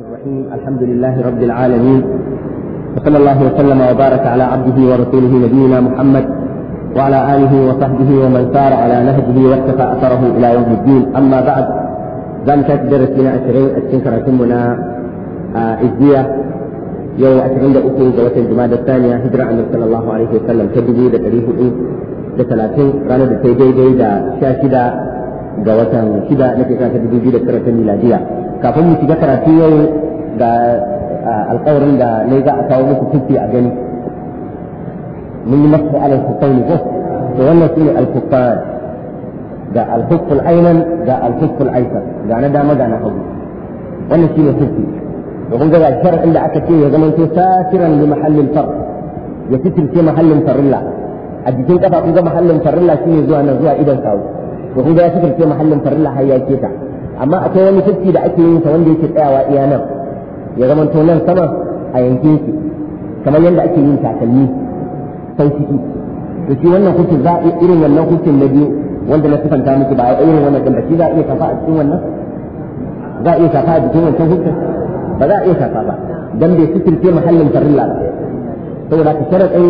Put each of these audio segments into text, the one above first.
الرحيم الحمد لله رب العالمين وصلى الله وسلم وبارك على عبده ورسوله نبينا محمد وعلى آله وصحبه ومن سار على نهجه واتقى أثره إلى يوم الدين أما بعد زم تدرس لنا أشرين أتنكر أتمنا إزدية آه، يوم أشرين لأكو جوة الجمادة الثانية هجرة النبي صلى الله عليه وسلم تجدي لتريه إيه لثلاثين رانا بيدا دا شاشدة جوة شدة كانت تجدي لترة ميلادية kafin mu shiga karatu yau ga alƙawarin da ne za a kawo muku kufi a gani mun yi masu alal kufaini ko to wannan su ne alkufan ga alkuful ainan ga alkuful aisar ga na dama ga na hagu wannan shi ne kufi da kun ga sharadin da aka ce ya zama to safiran li mahallin far ya fitirce mahallin farilla a jikin kafa kun ga mahallin farilla shine zuwa nan zuwa idan sawu to kun ga ya fitirce mahallin farilla har ya keta ta amma akwai wani tafki da ake yin sa wanda yake tsayawa iya nan ya zama to nan sama a yankin shi kamar yadda ake yin takalmi sai ciki to shi wannan hukuncin za a irin wannan hukuncin na biyu wanda na sifanta miki ba a irin wannan din shi za a iya kafa a cikin wannan za a iya kafa a jikin wancan hukuncin ba za a iya kafa ba dan bai sitirce mahallin farilla ba saboda ka sharaɗin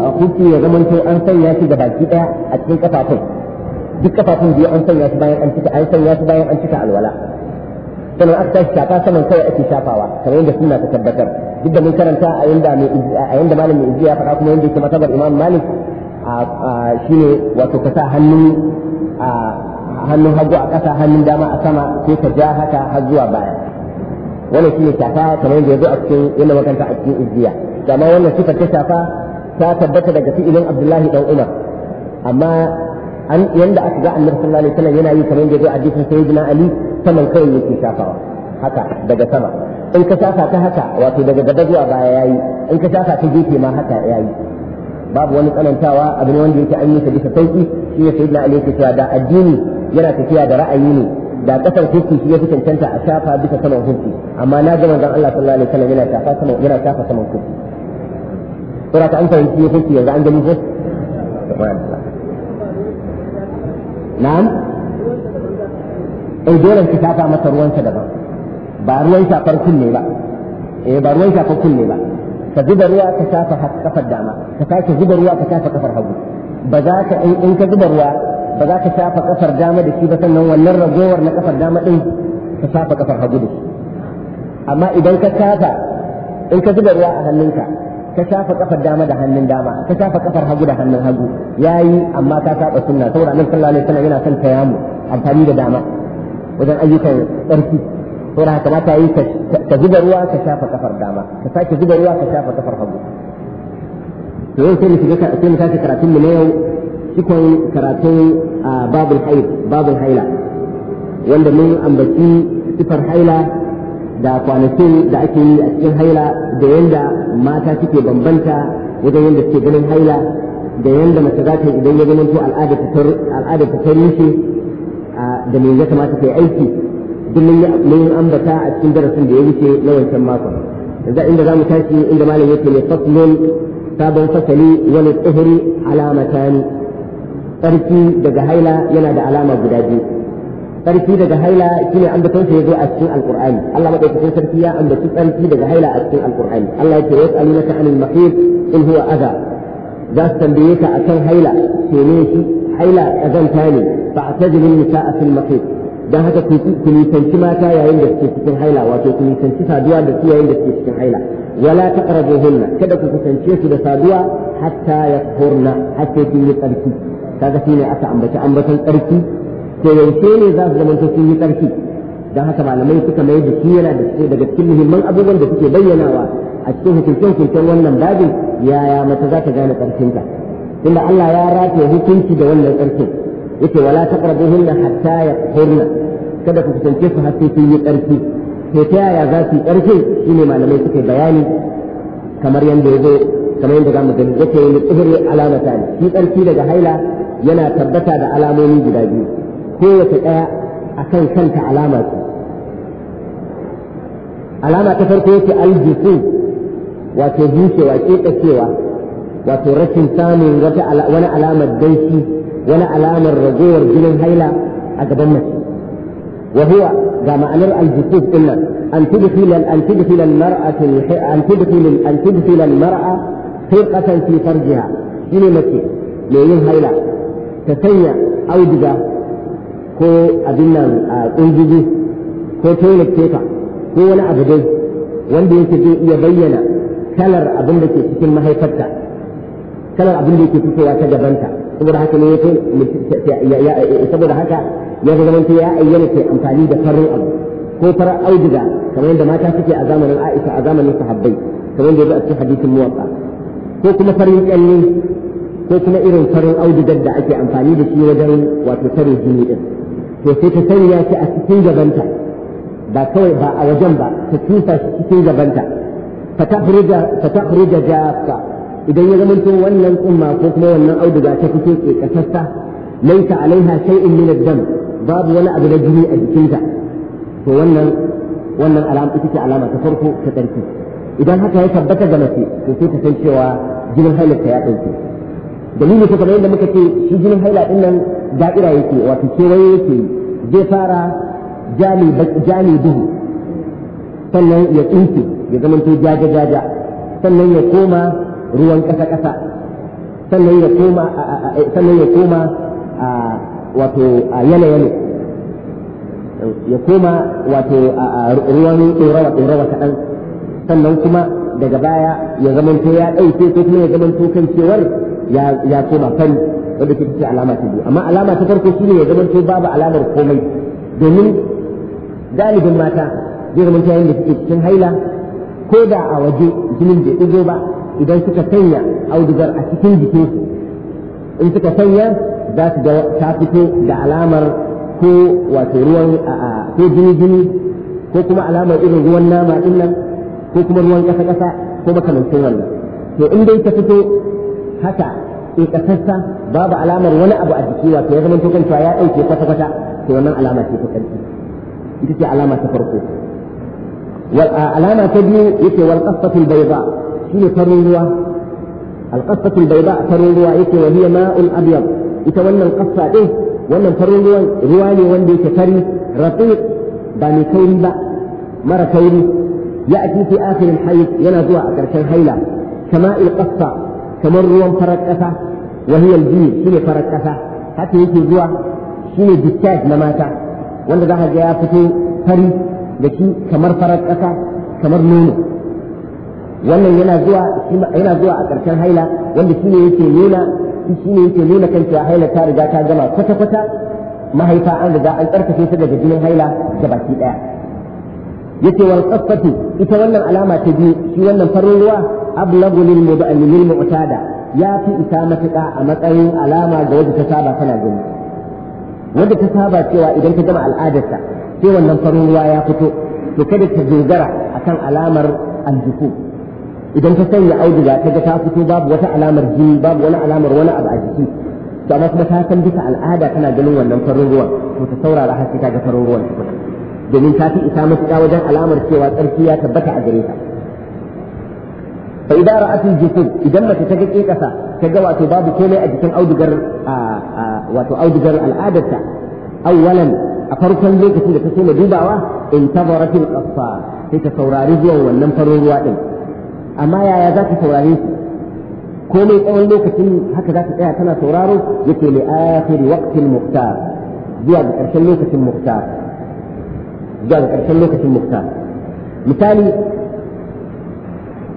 uh, hukunci ya zama to an sanya shi da baki ɗaya a cikin kafafun duk kafafun biyu an sanya su bayan an cika an sanya su bayan an cika alwala sannan aka tashi shafa saman kawai ake shafawa kamar yadda suna ta tabbatar duk da mun karanta a yanda mai a yanda malam mai ya faɗa kuma yanda yake matabar imam malik shine wato ka sa hannun hannun hagu a ƙasa hannun dama a sama sai ka ja haka har zuwa baya wannan shine shafa kamar yadda ya zo a cikin yanda makanta a cikin izziya amma wannan sifar ta shafa ta tabbata daga fi'ilin abdullahi dan umar amma an yanda aka ga annabi sallallahu alaihi wasallam yana yi kamar yadda ya hadisin sayyidina ali saman kai yake shafawa haka daga sama in ka shafa ta haka wato daga gaba zuwa baya yayi in ka shafa ta gefe ma haka yayi babu wani tsanantawa abin ne wanda yake an yi ta bisa sauki shi ne sayyidina ali yake cewa da addini yana tafiya da ra'ayi ne da kasar hukunci shi ya fi cancanta a shafa bisa saman hukki amma na ga manzon Allah sallallahu alaihi wasallam yana shafa saman yana shafa saman hukki saboda an fahimci hukki yanzu an gani hukki na'am eh dole ki tafa masa ruwansa daban ba ruwan shafar kunne ba eh ba ruwan shafar kunne ba ka zuba ruwa ka shafa kafar dama ka sake zuba ruwa ka shafa kafar hagu ba za ka in ka zuba ruwa ba za ka shafa kafar dama da shi ba sannan wannan ragowar na kafar dama din ka shafa kafar hagu da shi amma idan ka shafa in ka zuba ruwa a hannunka ka shafa kafar dama da hannun dama ka shafa kafar hagu da hannun hagu yayi amma ka saba sunna saboda annabi sallallahu alaihi wasallam yana son tayammu amfani da dama wajen ayyukan tsarki saboda haka mata yi ka zuba ruwa ka shafa kafar dama ka sake zuba ruwa ka shafa kafar hagu to yau sai mu shiga sai mu sake karatun mu na yau cikon karatun ah, babul haid babul haila wanda mun ambaci sifar haila da kwanakin da ake yi a cikin haila da yanda mata suke bambanta wajen yanda suke ganin haila da yanda mace za ta idan ya zama to al'ada ta ta shi da me ya kamata ta yi aiki duk mun ambata a cikin darasin da ya wuce na wancan makon yanzu inda za mu tashi inda malam yake ne faslun sabon fasali wani tsihiri alamata tsarki daga haila yana da alama guda biyu sarki daga haila shine ambaton sa yazo a cikin alqur'ani Allah madaukakin sarki ya ambaci sarki daga haila a cikin alqur'ani Allah yake yas'alunaka anil mahid in huwa adha za su tambaye ka akan haila ke ne shi haila kazanta ne fa atajilun nisa'a fil mahid dan haka ku nisanci mata yayin da suke cikin haila wato ku nisanci saduwa da su yayin da suke cikin haila wala taqrabuhunna kada ku kusance su da saduwa hatta yatahurna hatta yi tsarki kaga shine aka ambaci ambaton tsarki to yaushe ne za su zama ta sun yi tsarki don haka malamai suka mai da shi yana daga cikin muhimman abubuwan da suke bayyanawa a cikin hukunce-hukuncen wannan babin yaya mace za ta gane tsarkinta inda Allah ya rataye hukunci da wannan tsarkin yake wala taqrabuhunna hatta yatahurna kada ku kusance su har sai sun yi tsarki to ta yaya za su yi tsarki shine malamai suka bayani kamar yadda ya zo kamar yadda za mu gani yake yi tsihiri alamata shi tsarki daga haila yana tabbata da alamomi guda biyu كيف أكن كنت علامة علامة كفر كيف ألجسي وتجيسي وكيقكي وترس ثاني رجع ولا علامة ديسي ولا علامة الرجور جنن هيلا أقبلنا وهو كما أن الجسوف إلا أن تدخل أن تدخل المرأة أن تدخل أن تدخل المرأة فرقة في فرجها إلى مكة لا ينهي لا أو بذا ko abin nan a ƙungizi ko toilet paper ko wani abu dai wanda yake zai iya bayyana kalar abin da ke cikin mahaifarta kalar abin da yake fitowa ta gabanta saboda haka ne yake saboda haka ya zama ta ya ayyana ke amfani da farin abu ko farar auduga kamar yadda mata suke a zamanin Aisha a zamanin sahabbai kamar yadda a cikin hadisin muwatta ko kuma farin kyalle ko kuma irin farin audugar da ake amfani da shi wajen wato tare jini din to sai ta sanya shi a cikin gabanta ba kawai ba a wajen ba ta tusa shi cikin gabanta fa takhruja jaffa idan ya zama zamanto wannan tsumma ko kuma wannan auduga ta fito ke kasassa laita alaiha shay'in min ad-dam babu wani abu na jini a jikinta to wannan wannan alama ita ce alama ta farko ta tsarki idan haka ya tabbata ga mace to sai ta san cewa jinin halitta ya ɗauke dalili ko kamar yadda muka ce shi jinin haila din nan da'ira yake wato kewaye yake zai fara jami jami duhu sannan ya tsinke ya zama to jaja jaja sannan ya koma ruwan kasa kasa sannan ya koma sannan ya koma wato yana yana ya koma wato ruwan ɗorawa ɗorawa kaɗan sannan kuma daga baya ya to ya ɗauke ko kuma ya to kan cewar ya ya koma fari wanda ke cikin alama ta biyu amma alama ta farko shine ya zama to babu alamar komai domin galibin mata zai zama ta yanda suke cikin haila ko da a waje jinin bai ɗigo ba idan suka sanya audugar a cikin jikinsu in suka sanya za su ga ta fito da alamar ko wato ruwan ko jini jini ko kuma alamar irin ruwan nama din nan ko kuma ruwan ƙasa ƙasa ko makamantin wannan to in dai ta fito haka ikasassa babu alamar wani abu a jiki wato ya zama kan cewa ya ɗauke kwata-kwata to wannan alama ce ta ƙarfi ita ce alama ta farko alama ta biyu yake wal qasfatul bayda shine farin ruwa al qasfatul bayda farin ruwa yake wa hiya ma'ul abyad ita wannan qasfa din wannan farin ruwan ruwa ne wanda yake fari raqiq ba mai kauri ba mara kauri ya'ti fi akhir al hayd yana zuwa a ƙarshen haila kama'il qasfa kamar ruwan farar ƙasa wahiyar biyu ne farar ƙasa haka yake zuwa ne discharge na mata wanda za ka ga ya fito fari da shi kamar farar ƙasa kamar nono wannan yana zuwa yana zuwa a ƙarshen haila wanda shine yake nuna shine yake nuna kan cewa haila ta riga ta gama kwata kwata mahaifa an riga an tsarkake ta daga jinin haila da baki daya yace wal qaffatu ita wannan alama ta biyu shi wannan farin ruwa ablagu lil lil mu'tada ya fi isa matuƙa a matsayin alama ga wanda ta saba tana gani wanda ta saba cewa idan ta gama al'adarta sai wannan farin ruwa ya fito to kada ta dogara akan alamar aljufu idan ta sanya auduga ta ga ta fito babu wata alamar jini babu wani alamar wani abu a amma kuma ta san bisa al'ada tana ganin wannan farin ruwan ta saurara har ta ga farin ruwan domin ta fi isa matuka wajen alamar cewa tsarki ya tabbata a gare ta فإذا رأت الجسد إذا ما تتجد إيه كسا كجوا تباب كل أجسام أو دجر ااا آه، آه، وتو أو دجر العادة أولا أفرك الليل كسم كسم دي بعوة انتظرت الأصفار هي تصورار جوا ونم فرور وادم أما يا يا ذاك تصورار كل أول ليل هكذا إيه كنا تصوراره يكل آخر وقت المختار جاد أرسل ليل كسم مختار جاد أرسل ليل كسم مختار مثالي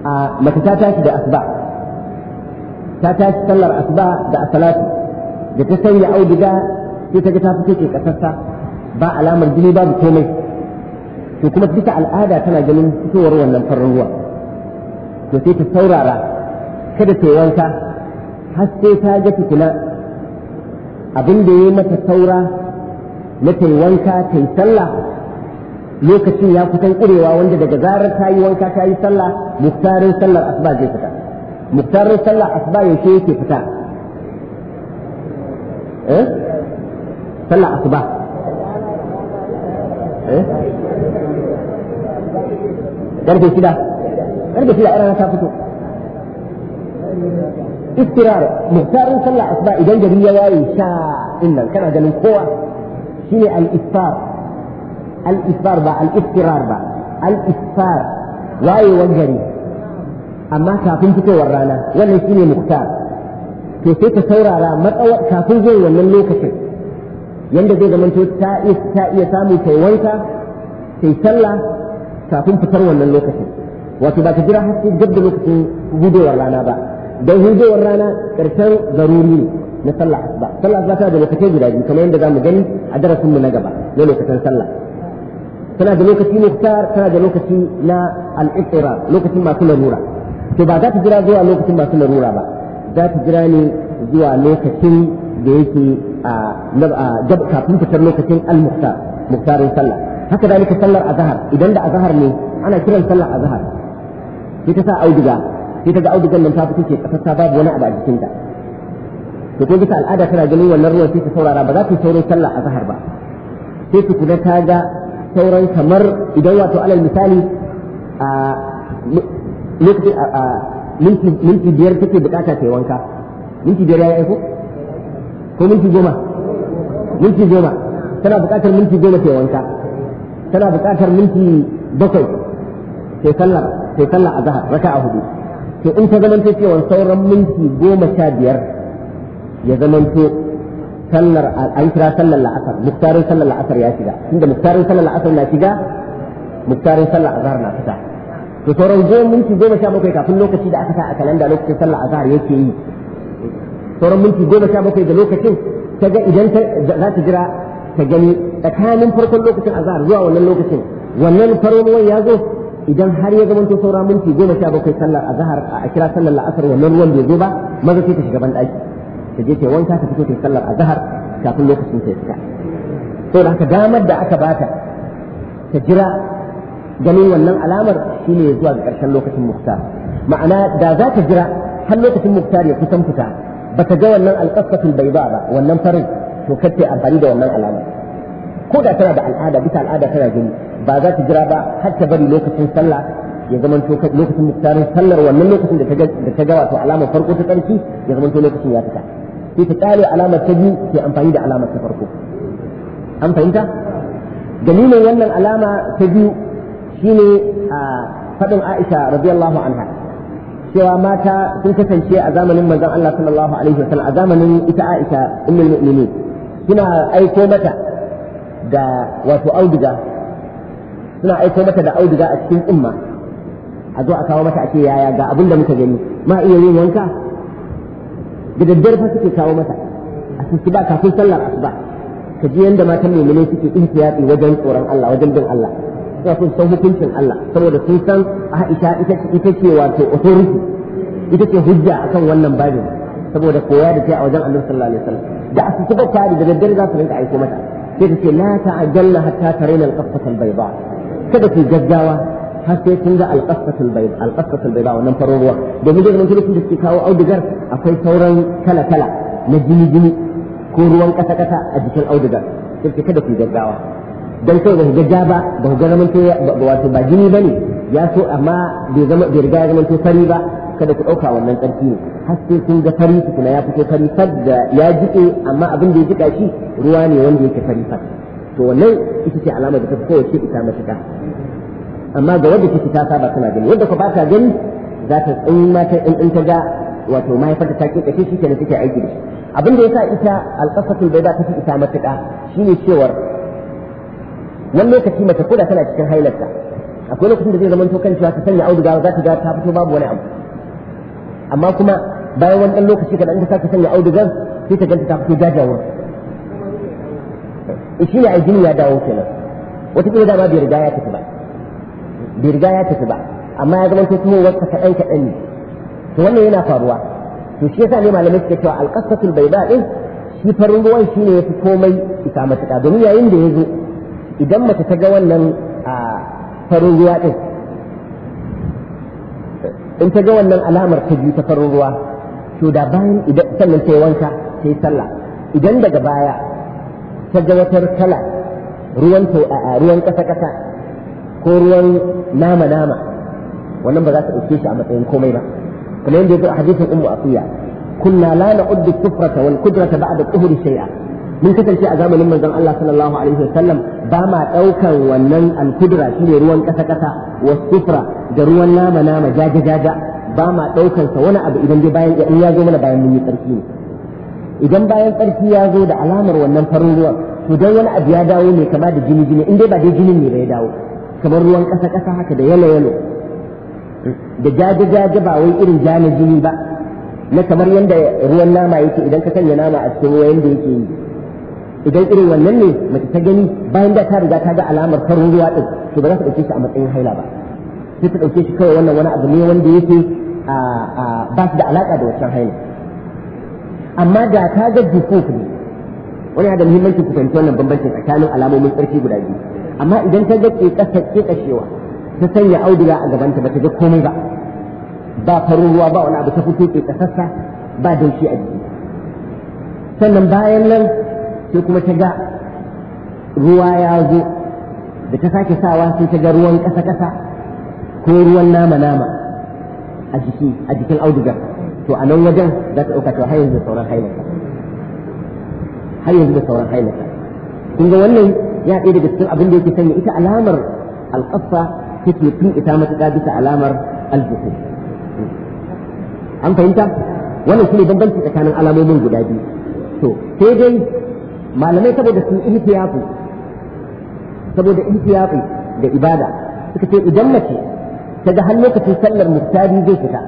a mace ta tashi da asuba ta tashi sallar asuba da asalatu da ta sanya auduga sai ta ga ta fito ke kasarsa ba alamar jini ba da komai to kuma duka al'ada tana ganin fitowar wannan farin ruwa to sai ta saurara kada ta wanka har sai ta ga fitina abin da ya yi mata saura na ta wanka ta sallah lokacin ya kusan kurewa wanda daga zarar ta yi wanka ta yi sallah muktarin sallar asuba zai fita muktarin sallar asuba yaushe yake fita eh sallar asuba eh karfe shida karfe shida ina ta fito istirar muktarin sallar asuba idan gari ya waye sha innan kana ganin kowa shine al-iftar al ba al ba al-isfar wayewar gari amma kafin fitowar rana wannan shine muktar to sai ka saurara matsawa kafin zai wannan lokacin yadda zai zamanto ta ta iya samun kai wanka sai sallah kafin fitar wannan lokacin wato ba ka jira har sai gab da lokacin gudowar rana ba don hudowar rana karshen zaruri ne na sallah ba sallah asuba ta da lokacin guda biyu kamar yadda mu gani a darasinmu na gaba na lokacin sallah tana da lokaci muktar tana da lokaci na al'itira lokacin masu larura to ba za ta jira zuwa lokacin masu larura ba za ta jira ne zuwa lokacin da yake a kafin fitar lokacin al-muktar muktarin sallah haka da dalika sallar azhar idan da azhar ne ana kiran sallar azhar sai ta sa auduga sai ta ga audugan nan ta fito ce kasar ta babu wani abu a jikinta to ko bisa al'ada tana ganin wannan ruwan sai ta saurara ba za ta sauro sallar azhar ba sai ta kula ta ga sauran kamar idan wato alal misali a lokacin a minti biyar take bukata ta yi wanka minti biyar ya yi aiko ko minti goma minti goma tana bukatar minti goma ta yi wanka tana bukatar minti bakwai ta yi sallar ta yi sallar azhar raka'a hudu to in ta zamanto cewa sauran minti goma sha biyar ya ta. سنر أيسرى سنر العصر مختار سنر العصر يا سيدا عند مختار سنر العصر يا سيدا مختار سنر العصر يا سيدا تصور الجيم من في جيم شابو كيكا في اللوكة سيدا أكسا أكلا عند لوكة سنر العصر يا سيدا تصور من في جيم شابو كيكا لوكة سيدا تجا إذن لا تجرى تجاني أكامل فرق اللوكة العصر جوا ولا اللوكة سيدا ونن فرون ويازو idan har ya zamanto saura minti goma sha bakwai sallar azahar a kira sallar la'asar wannan ruwan bai zo ba maza sai ka shiga ban ɗaki ta je ta wanka ta fito ta sallar azhar kafin lokacin ta fita to da haka damar da aka bata ta jira ganin wannan alamar shine zuwa ga karshen lokacin muktar ma'ana da za ta jira har lokacin muktar ya kusan fita ba ta ga wannan alƙasatul bai ba wannan farin to kar ta amfani da wannan alamar ko da tana da al'ada bisa al'ada tana gani ba za ta jira ba har ta bari lokacin sallah ya zama lokacin muktarin sallar wannan lokacin da ta ga wato alamar farko ta tsarki ya zama lokacin ya fita sai ta kyale alamar ta biyu sai amfani da alamar ta farko an fahimta dalilin wannan alama ta biyu shine a faɗin Aisha radiyallahu anha cewa mata sun kasance a zamanin manzon Allah sallallahu alaihi wasallam a zamanin ita Aisha ummul mu'minin suna aiko mata da wato auduga suna aiko mata da auduga a cikin umma a zo a kawo mata ake yaya ga abin da muka gani ma iya yin wanka da daddare fa suke kawo mata a ba kafin sallar asuba ka ji yanda matan mu'mine suke ihtiyati wajen tsoron Allah wajen bin Allah suna sun san hukuncin Allah saboda sun san Aisha ita ita ce wato authority ita ce hujja akan wannan babin saboda koya da ta a wajen Annabi sallallahu alaihi wasallam da asuba ta da daddare za su rinka aiko mata sai ta ce la ta'ajjalna hatta tarayna al-qaffata al-bayda kada ku gaggawa har sai kun ga alqasatul wannan farin ruwa domin dukkan lokacin da suke kawo audugar akwai sauran kala kala na jini jini ko ruwan kasa kasa a jikin audugar sai kada ku gaggawa dan sai ba ga ba ba ga zaman to wato ba jini bane ya so amma bai zama bai riga ya zama to fari ba kada ku ɗauka wannan karfi ne har sai kun ga fari tukuna ya fito fari da ya jiƙe amma abin da ya jiƙa shi ruwa ne wanda yake fari fat to wannan ita ce alama da ta kowace ita matuƙa amma ga wanda take ta saba tana gani wanda ko ba ta gani za ta in ma ta in ta ga wato mahaifarta ta kika shi kenan take aiki da shi abin da yasa ita alqasatul bayda ta fi ita matuƙa shine cewar wani lokaci mace koda tana cikin hailarta akwai lokacin da zai zama to kan cewa ta sanya auduga za ta ga ta fito babu wani abu amma kuma bayan wani dan lokaci kaɗan ta sake sanya audugar sai ta ganta ta fito jajawar eh, shi ne aljini ya dawo kenan wata kila dama bai riga ya tafi ba bai riga ya tafi ba amma ya zama kuma wasu kaɗan kaɗan ne to wannan yana faruwa to shi yasa ne malamai suke cewa alƙasatul bai ɗin shi farin ruwan shi ne ya fi komai isa matuƙa domin yayin da ya zo idan mace ta ga wannan farin ruwa ɗin in ta ga wannan alamar ta biyu ta farin ruwa to da bayan idan sannan ta yi wanka ta yi sallah idan daga baya ta ga wata kala ruwan ruwan ƙasa-ƙasa ko ruwan nama nama wannan ba za ta ɗauke shi a matsayin komai ba kuma yadda yake a hadisin ummu asiya kunna la na'uddu kufrata wal qudrata ba'da quhri shay'a mun kasance a zamanin manzon Allah sallallahu alaihi wasallam ba ma ɗaukan wannan al-qudra shine ruwan kasa kasa wa sufra da ruwan nama nama jaja jaja ba ma ɗaukan sa wani abu idan dai bayan in ya zo mana bayan mun yi tsarki ne idan bayan tsarki ya zo da alamar wannan farin ruwan to dan wani abu ya dawo ne kama da jini jini in dai ba dai jinin ne ba ya dawo kamar ruwan ƙasa ƙasa haka da yalo yalo da jaje jaje ba wai irin ja na jini ba na kamar yadda ruwan nama yake idan ka sanya nama a cikin ruwa yadda yake yi idan irin wannan ne mace ta gani bayan da ta riga ta ga alamar farin ruwa din to ba za ta ɗauke shi a matsayin haila ba sai ta ɗauke shi kawai wannan wani abu ne wanda yake ba shi da alaƙa da wancan haila amma da ta ga jufuf ne wani da muhimmancin ku wannan bambancin tsakanin alamomin tsarki guda biyu amma idan ta ga ƙeƙasa ƙeƙashewa ta sanya auduga a gabanta ba ta ga komai ba ba farin ruwa ba wani abu ta fito ƙeƙasassa ba dauki a jiki sannan bayan nan sai kuma ta ga ruwa ya zo da ta sake sawa sai ta ga ruwan ƙasa-ƙasa ko ruwan nama-nama a jiki a jikin audugar to a nan wajen za ta ɗauka to har yanzu da sauran hailarsa har yanzu da sauran hailarsa kun ga wannan ya ɗaya daga cikin abin da yake sanya ita alamar alƙaffa take tun ita matuƙa bisa alamar aljuhu an fahimta wannan ne bambanci tsakanin alamomin guda biyu to sai dai malamai saboda sun ihtiyafi saboda ihtiyafi da ibada suka ce idan mace ta ga har lokacin sallar muftari zai fita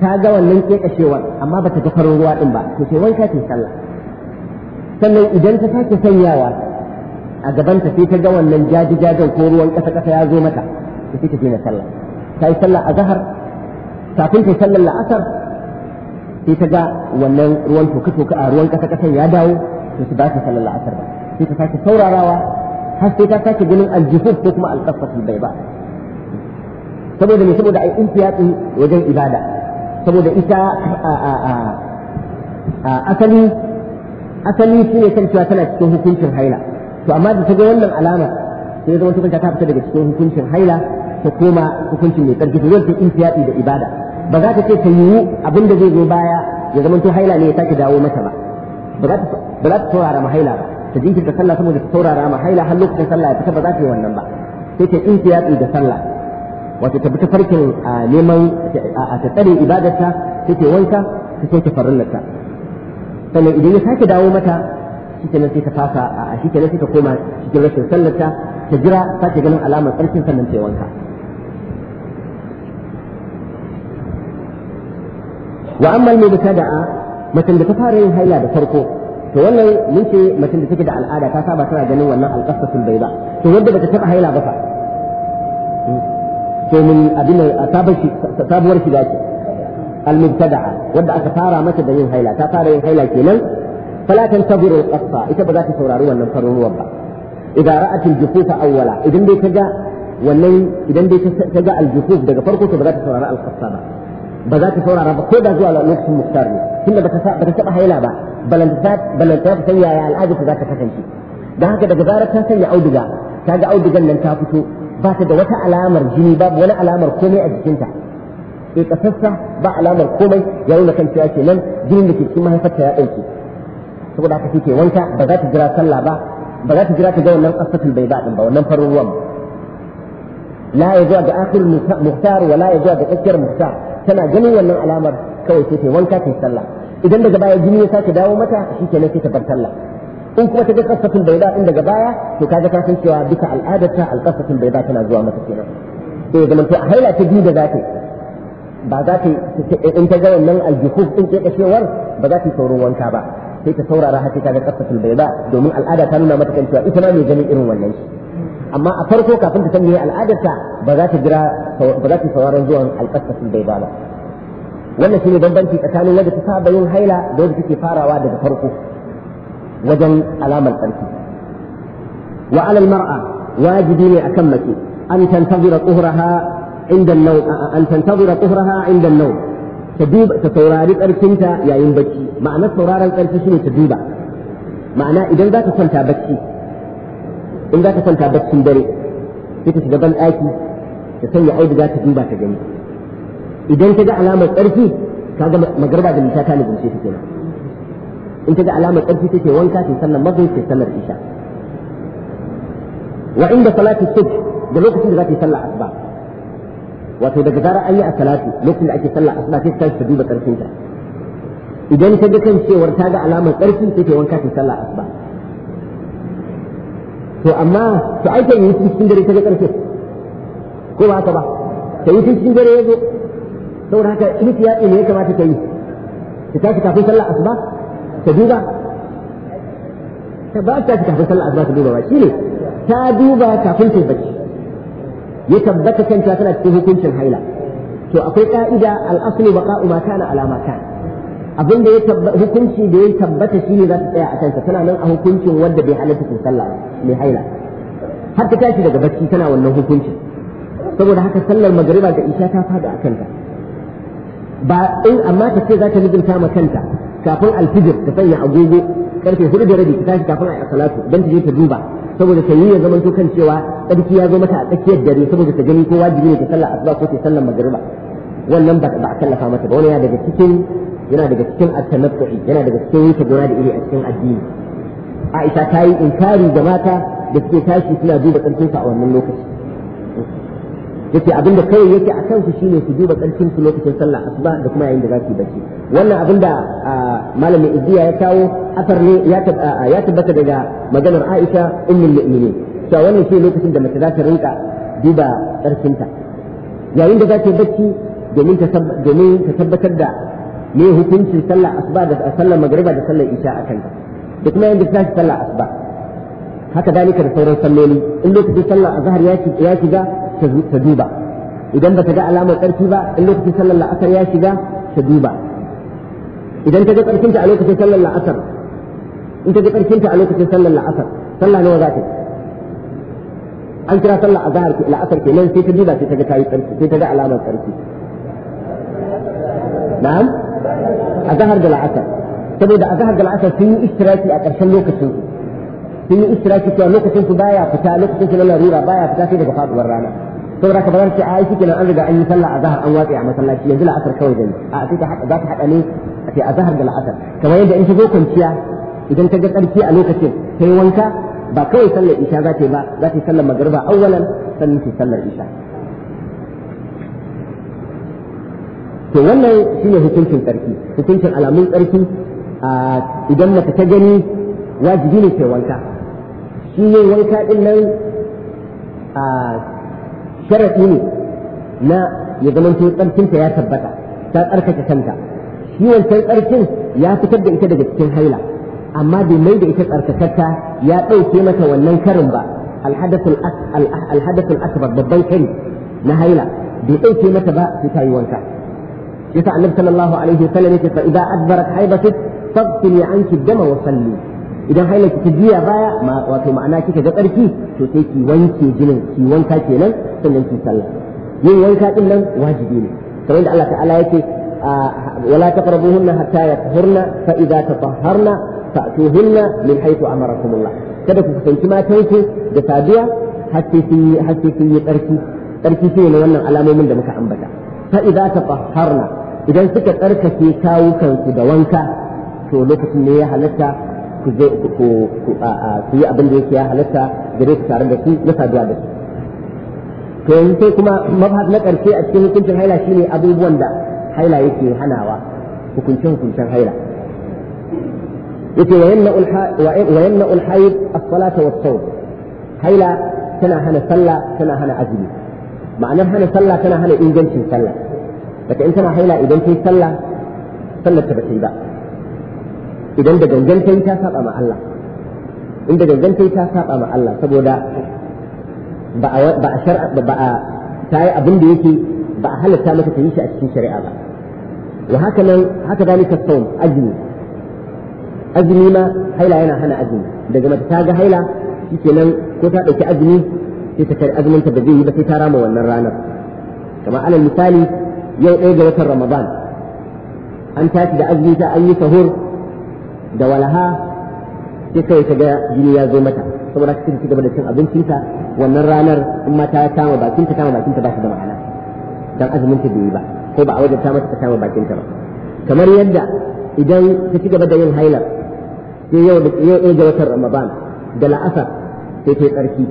ta ga wannan kekashewar amma bata ga farin ruwa din ba to sai wanka ce sallah sannan idan ta sake sanyawa a gaban ta sai ta ga wannan jaji jajan ko ruwan kasa kasa ya zo mata ta sai ta daina sallah ta yi sallah a zahar kafin ta yi sallar la'asar sai ta ga wannan ruwan toka toka a ruwan kasa kasa ya dawo to su ba ta sallar la'asar ba sai ta sake saurarawa har sai ta sake ganin aljihud ko kuma alqafatul ba saboda ne saboda ai intiyati wajen ibada saboda ita asali asali shi ne kan cewa tana cikin hukuncin haila to amma da ta ga wannan alama sai zama tukun ta fita daga cikin hukuncin haila ta koma hukuncin mai tsarki to zai ihtiyaɗi da ibada ba za ta ce ta yiwu abin da zai zo baya ya zama to haila ne ya sake dawo mata ba ba za ta saurara ma haila ba ta jinkirta sallah saboda ta saurara ma haila har lokacin sallah ya fita ba za ta yi wannan ba sai ta ihtiyaɗi da sallah wato ta bi ta farkin neman a ta tsare ibadarta take wanka ta take farillarta sannan idan ya sake dawo mata nan sai ta fasa a nan sai ta koma cikin rashin sallarta ta jira sake ganin alamar tsarkin sannan ta wanka wa amma mai da da'a mutum da ta fara yin haila da farko to wannan mun ce mutum da take da al'ada ta saba tana ganin wannan alqasatul bayda to wanda bata taba haila ba fa hmm. to mun abin sabuwar shiga ce al-mubtada'a wanda aka fara mata da yin haila ta fara yin haila kenan فلا تنتظروا القصة إذا بدأت سوراري وننصروا الوضع إذا رأت الجفوف أولا إذن بي تجا والليل إذن بي تجا الجفوف بقى فرقه تبغات سورار القصة بقى بذات فورا رب كودا زوا لا نفس مختار كنا بتسا بتسا هاي لا با بلنتات بلنتات سيا يا الاج في ذات فتنتي ده كده جبارة سيا أو بجا كذا أو بجا لن تافتو بات دوتا على أمر جني ولا على أمر كومي أجنتا إتفسح إيه با على كومي يقول لك أنت أكلن جني لك كم هي saboda haka wanka ba za ta jira sallah ba ba za ta jira ta ga wannan asatul bai ba ba wannan farin ruwan la ya zuwa ga akhir muhtar wa la ya zuwa ga tsakiyar muhtar tana ganin wannan alamar kawai sai ta wanka ta sallah idan daga baya jini ya sake dawo mata shi ke nan sai ta bar sallah in kuma ta ga kasatul bai ba daga baya to kaga ta san cewa duka al'adarta alƙasatul bai ba tana zuwa mata kenan sai ya a haila ta biyu da za ta ba za ta in ta ga wannan aljihuf din ke kashewar ba za ta yi saurin wanka ba sai ta saurara har sai ta ga kaffatul bayda domin al'ada ta nuna mata kanta ita ma mai ganin irin wannan shi amma a farko kafin ta san me al'adarta ba za ta jira ba za ta sauraron zuwan alƙasatul bayda ba wannan shine bambanci tsakanin wanda ta saba yin haila da wanda take farawa daga farko wajen alamar tsarki wa alal mar'a wajibi ne akan mace an tantazira tuhraha inda an tantazira tuhraha inda an-nawm ta duba ta saurari tsarkinta yayin bacci ma'ana sauraron tsarki shine ta duba ma'ana idan za ta kwanta bacci in za ta kwanta baccin dare sai ta shiga ban ɗaki ta sanya za ta duba ta gani idan ta ga alamar tsarki ka ga magarba da mita ta nubince ta kenan in ta ga alamar tsarki take wanka ta sallar maghrib ta sallar isha wa inda salati subh da lokacin da za ta yi sallar asuba wato daga zarar an yi a salatu lokacin da ake sallah asuba sai ta tashi duba karfin ta idan ta ga kan cewar ta ga alamar karfi sai ta wanka ta sallah asuba to amma ta aike yi cikin dare ta ga karfin ko ba haka ba ta yi cikin dare ya zo saboda haka ihtiyati ne ya kamata ta yi ta tashi kafin sallah asuba ta duba ta ba ta tashi kafin sallah asuba ta duba ba shine ta duba kafin ta yi bacci ya tabbata kanta tana cikin hukuncin haila to akwai ka'ida al'aslu baqa'u ma na ala ma abin da ya hukunci da ya tabbata shine za ta tsaya a kansa tana nan a hukuncin wanda bai halatta ta sallah mai haila har ta tashi daga bacci tana wannan hukuncin saboda haka sallar magariba da isha ta fada a kanta ba in amma ta ce za ta lizinta ma kanta kafin alfijir ta sanya agogo karfe hudu da rabi ta tashi kafin a salatu don ta je ta duba saboda ta yi ya zama to kan cewa tsarki ya zo mata a tsakiyar dare saboda ta gani ko wajibi ne ta sallar asuba ko ta sallar magriba wannan ba a tallafa mata ba wani yana daga cikin yana daga cikin at-tanaffu'i yana daga cikin wuce gona da iri a cikin addini Aisha ta yi inkari ga mata da suke tashi suna duba tsarkin sa a wannan lokaci yace abinda kawai yake a kanku shine su duba tsarkin ku lokacin sallah asuba da kuma yayin da zaki bacci wannan abinda malamin idiya ya kawo asar ne ya tabbata daga maganar Aisha ummul mu'minin cewa wannan shi lokacin da mace za ta rinka duba tsarkinta yayin da za ta bacci domin ta tabbatar da me hukuncin sallah asuba da sallah magriba da sallah isha a kanta da kuma yayin da ta sallah asuba haka dalika da sauran salloli in lokacin sallah azhar ya shiga تدوبة إذا أنت جاء الأمر ترتيبا اللوك تسلى الأثر يا شجا تدوبة إذا أنت جاء تركنت على اللوك تسلى الأثر أنت جاء تركنت على اللوك تسلى الأثر صلى الله ذاتك أنت لا صلى أظهر في الأثر كي لن تدوبة تتجاء الأمر ترتيبا نعم أظهر بالعثر طب إذا أظهر بالعثر في إشتراكي أترشل لوك تسلى في إشتراكي تقول لوك تسلى بايا فتا لوك تسلى الله ريرا بايا فتا فيدك وخاط ورانا saboda ka bazan ce ai shi nan an riga an yi sallah a zahar an watsi a masallaci yanzu la'asar kawai zai a sai ka za ta haɗa ne a ce a zahar da la'asar kamar yadda in ka zo kwanciya idan ka ga tsarki a lokacin kai wanka ba kawai sallar isha za ta yi ba za ta yi sallar magariba awwalan sannan ta sallar isha to wannan shine hukuncin tsarki hukuncin alamun tsarki idan mace ta gani wajibi ne ta wanka shi ne wanka din nan sharaɗi ne na ya zama to tsarkinta ya tabbata ta tsarkake kanta shi wancan tsarkin ya fitar da ita daga cikin haila amma bai mai da ita tsarkakatta ya ɗauke mata wannan karin ba alhadathul akbar babban kari na haila bai ɗauke mata ba sai ta yi wanka yasa annabi sallallahu alaihi wasallam yake fa idza adbarat haibatik fadfini anki dama wa salli idan haila kika jiya baya wato ma'ana kika ga tsarki to sai ki wanke jinin ki wanka kenan sannan ki sallah yin wanka din nan wajibi ne kamar da Allah ta'ala yake ولا تقربوهن حتى يطهرن فإذا تطهرن فأتوهن من حيث أمركم الله kada ku kusanci matanku da sabiya har sai yi tsarki tsarki shi ne wannan alamomin da muka ambata fa idza tatahharna idan suka tsarkake kansu da wanka to lokacin ne ya halatta ku je ku ku yi abin da yake ya halatta gare su tare da su na saduwa da su to yanzu sai kuma mabhas na karshe a cikin hukuncin haila shine abubuwan da haila yake hanawa hukuncin hukuncin haila yake wa yanna ulhaid as-salata was-sawm haila tana hana sallah tana hana azumi ma'anar hana sallah tana hana ingancin sallah daga in tana haila idan ta sallah sallar ta ba ta yi ba idan da gangantai ta saba ma Allah inda gangantai ta saba ma Allah saboda ba a shar'a ba a ta yi abin da yake ba a halatta mata ta yi shi a cikin shari'a ba wa haka nan haka dalika saum azumi azumi ma haila yana hana azumi daga mata ta ga haila kenan ko ta ɗauki azumi sai ta kar azumin ta ba zai yi ba sai ta rama wannan ranar kamar alal misali yau ɗaya ga watan ramadan an tashi da azumi ta an yi sahur da walaha sai kai ta ga jini ya zo mata saboda ka ci gaba da cin abincinta wannan ranar in ma ta kama bakinta kama bakinta ba su da ma'ana dan azumin ta bai ba ko ba a wajen ta mata ta kama bakinta ba kamar yadda idan ta ci gaba da yin hailar sai yau da yau ga watan Ramadan da la'asar sai ta tsarki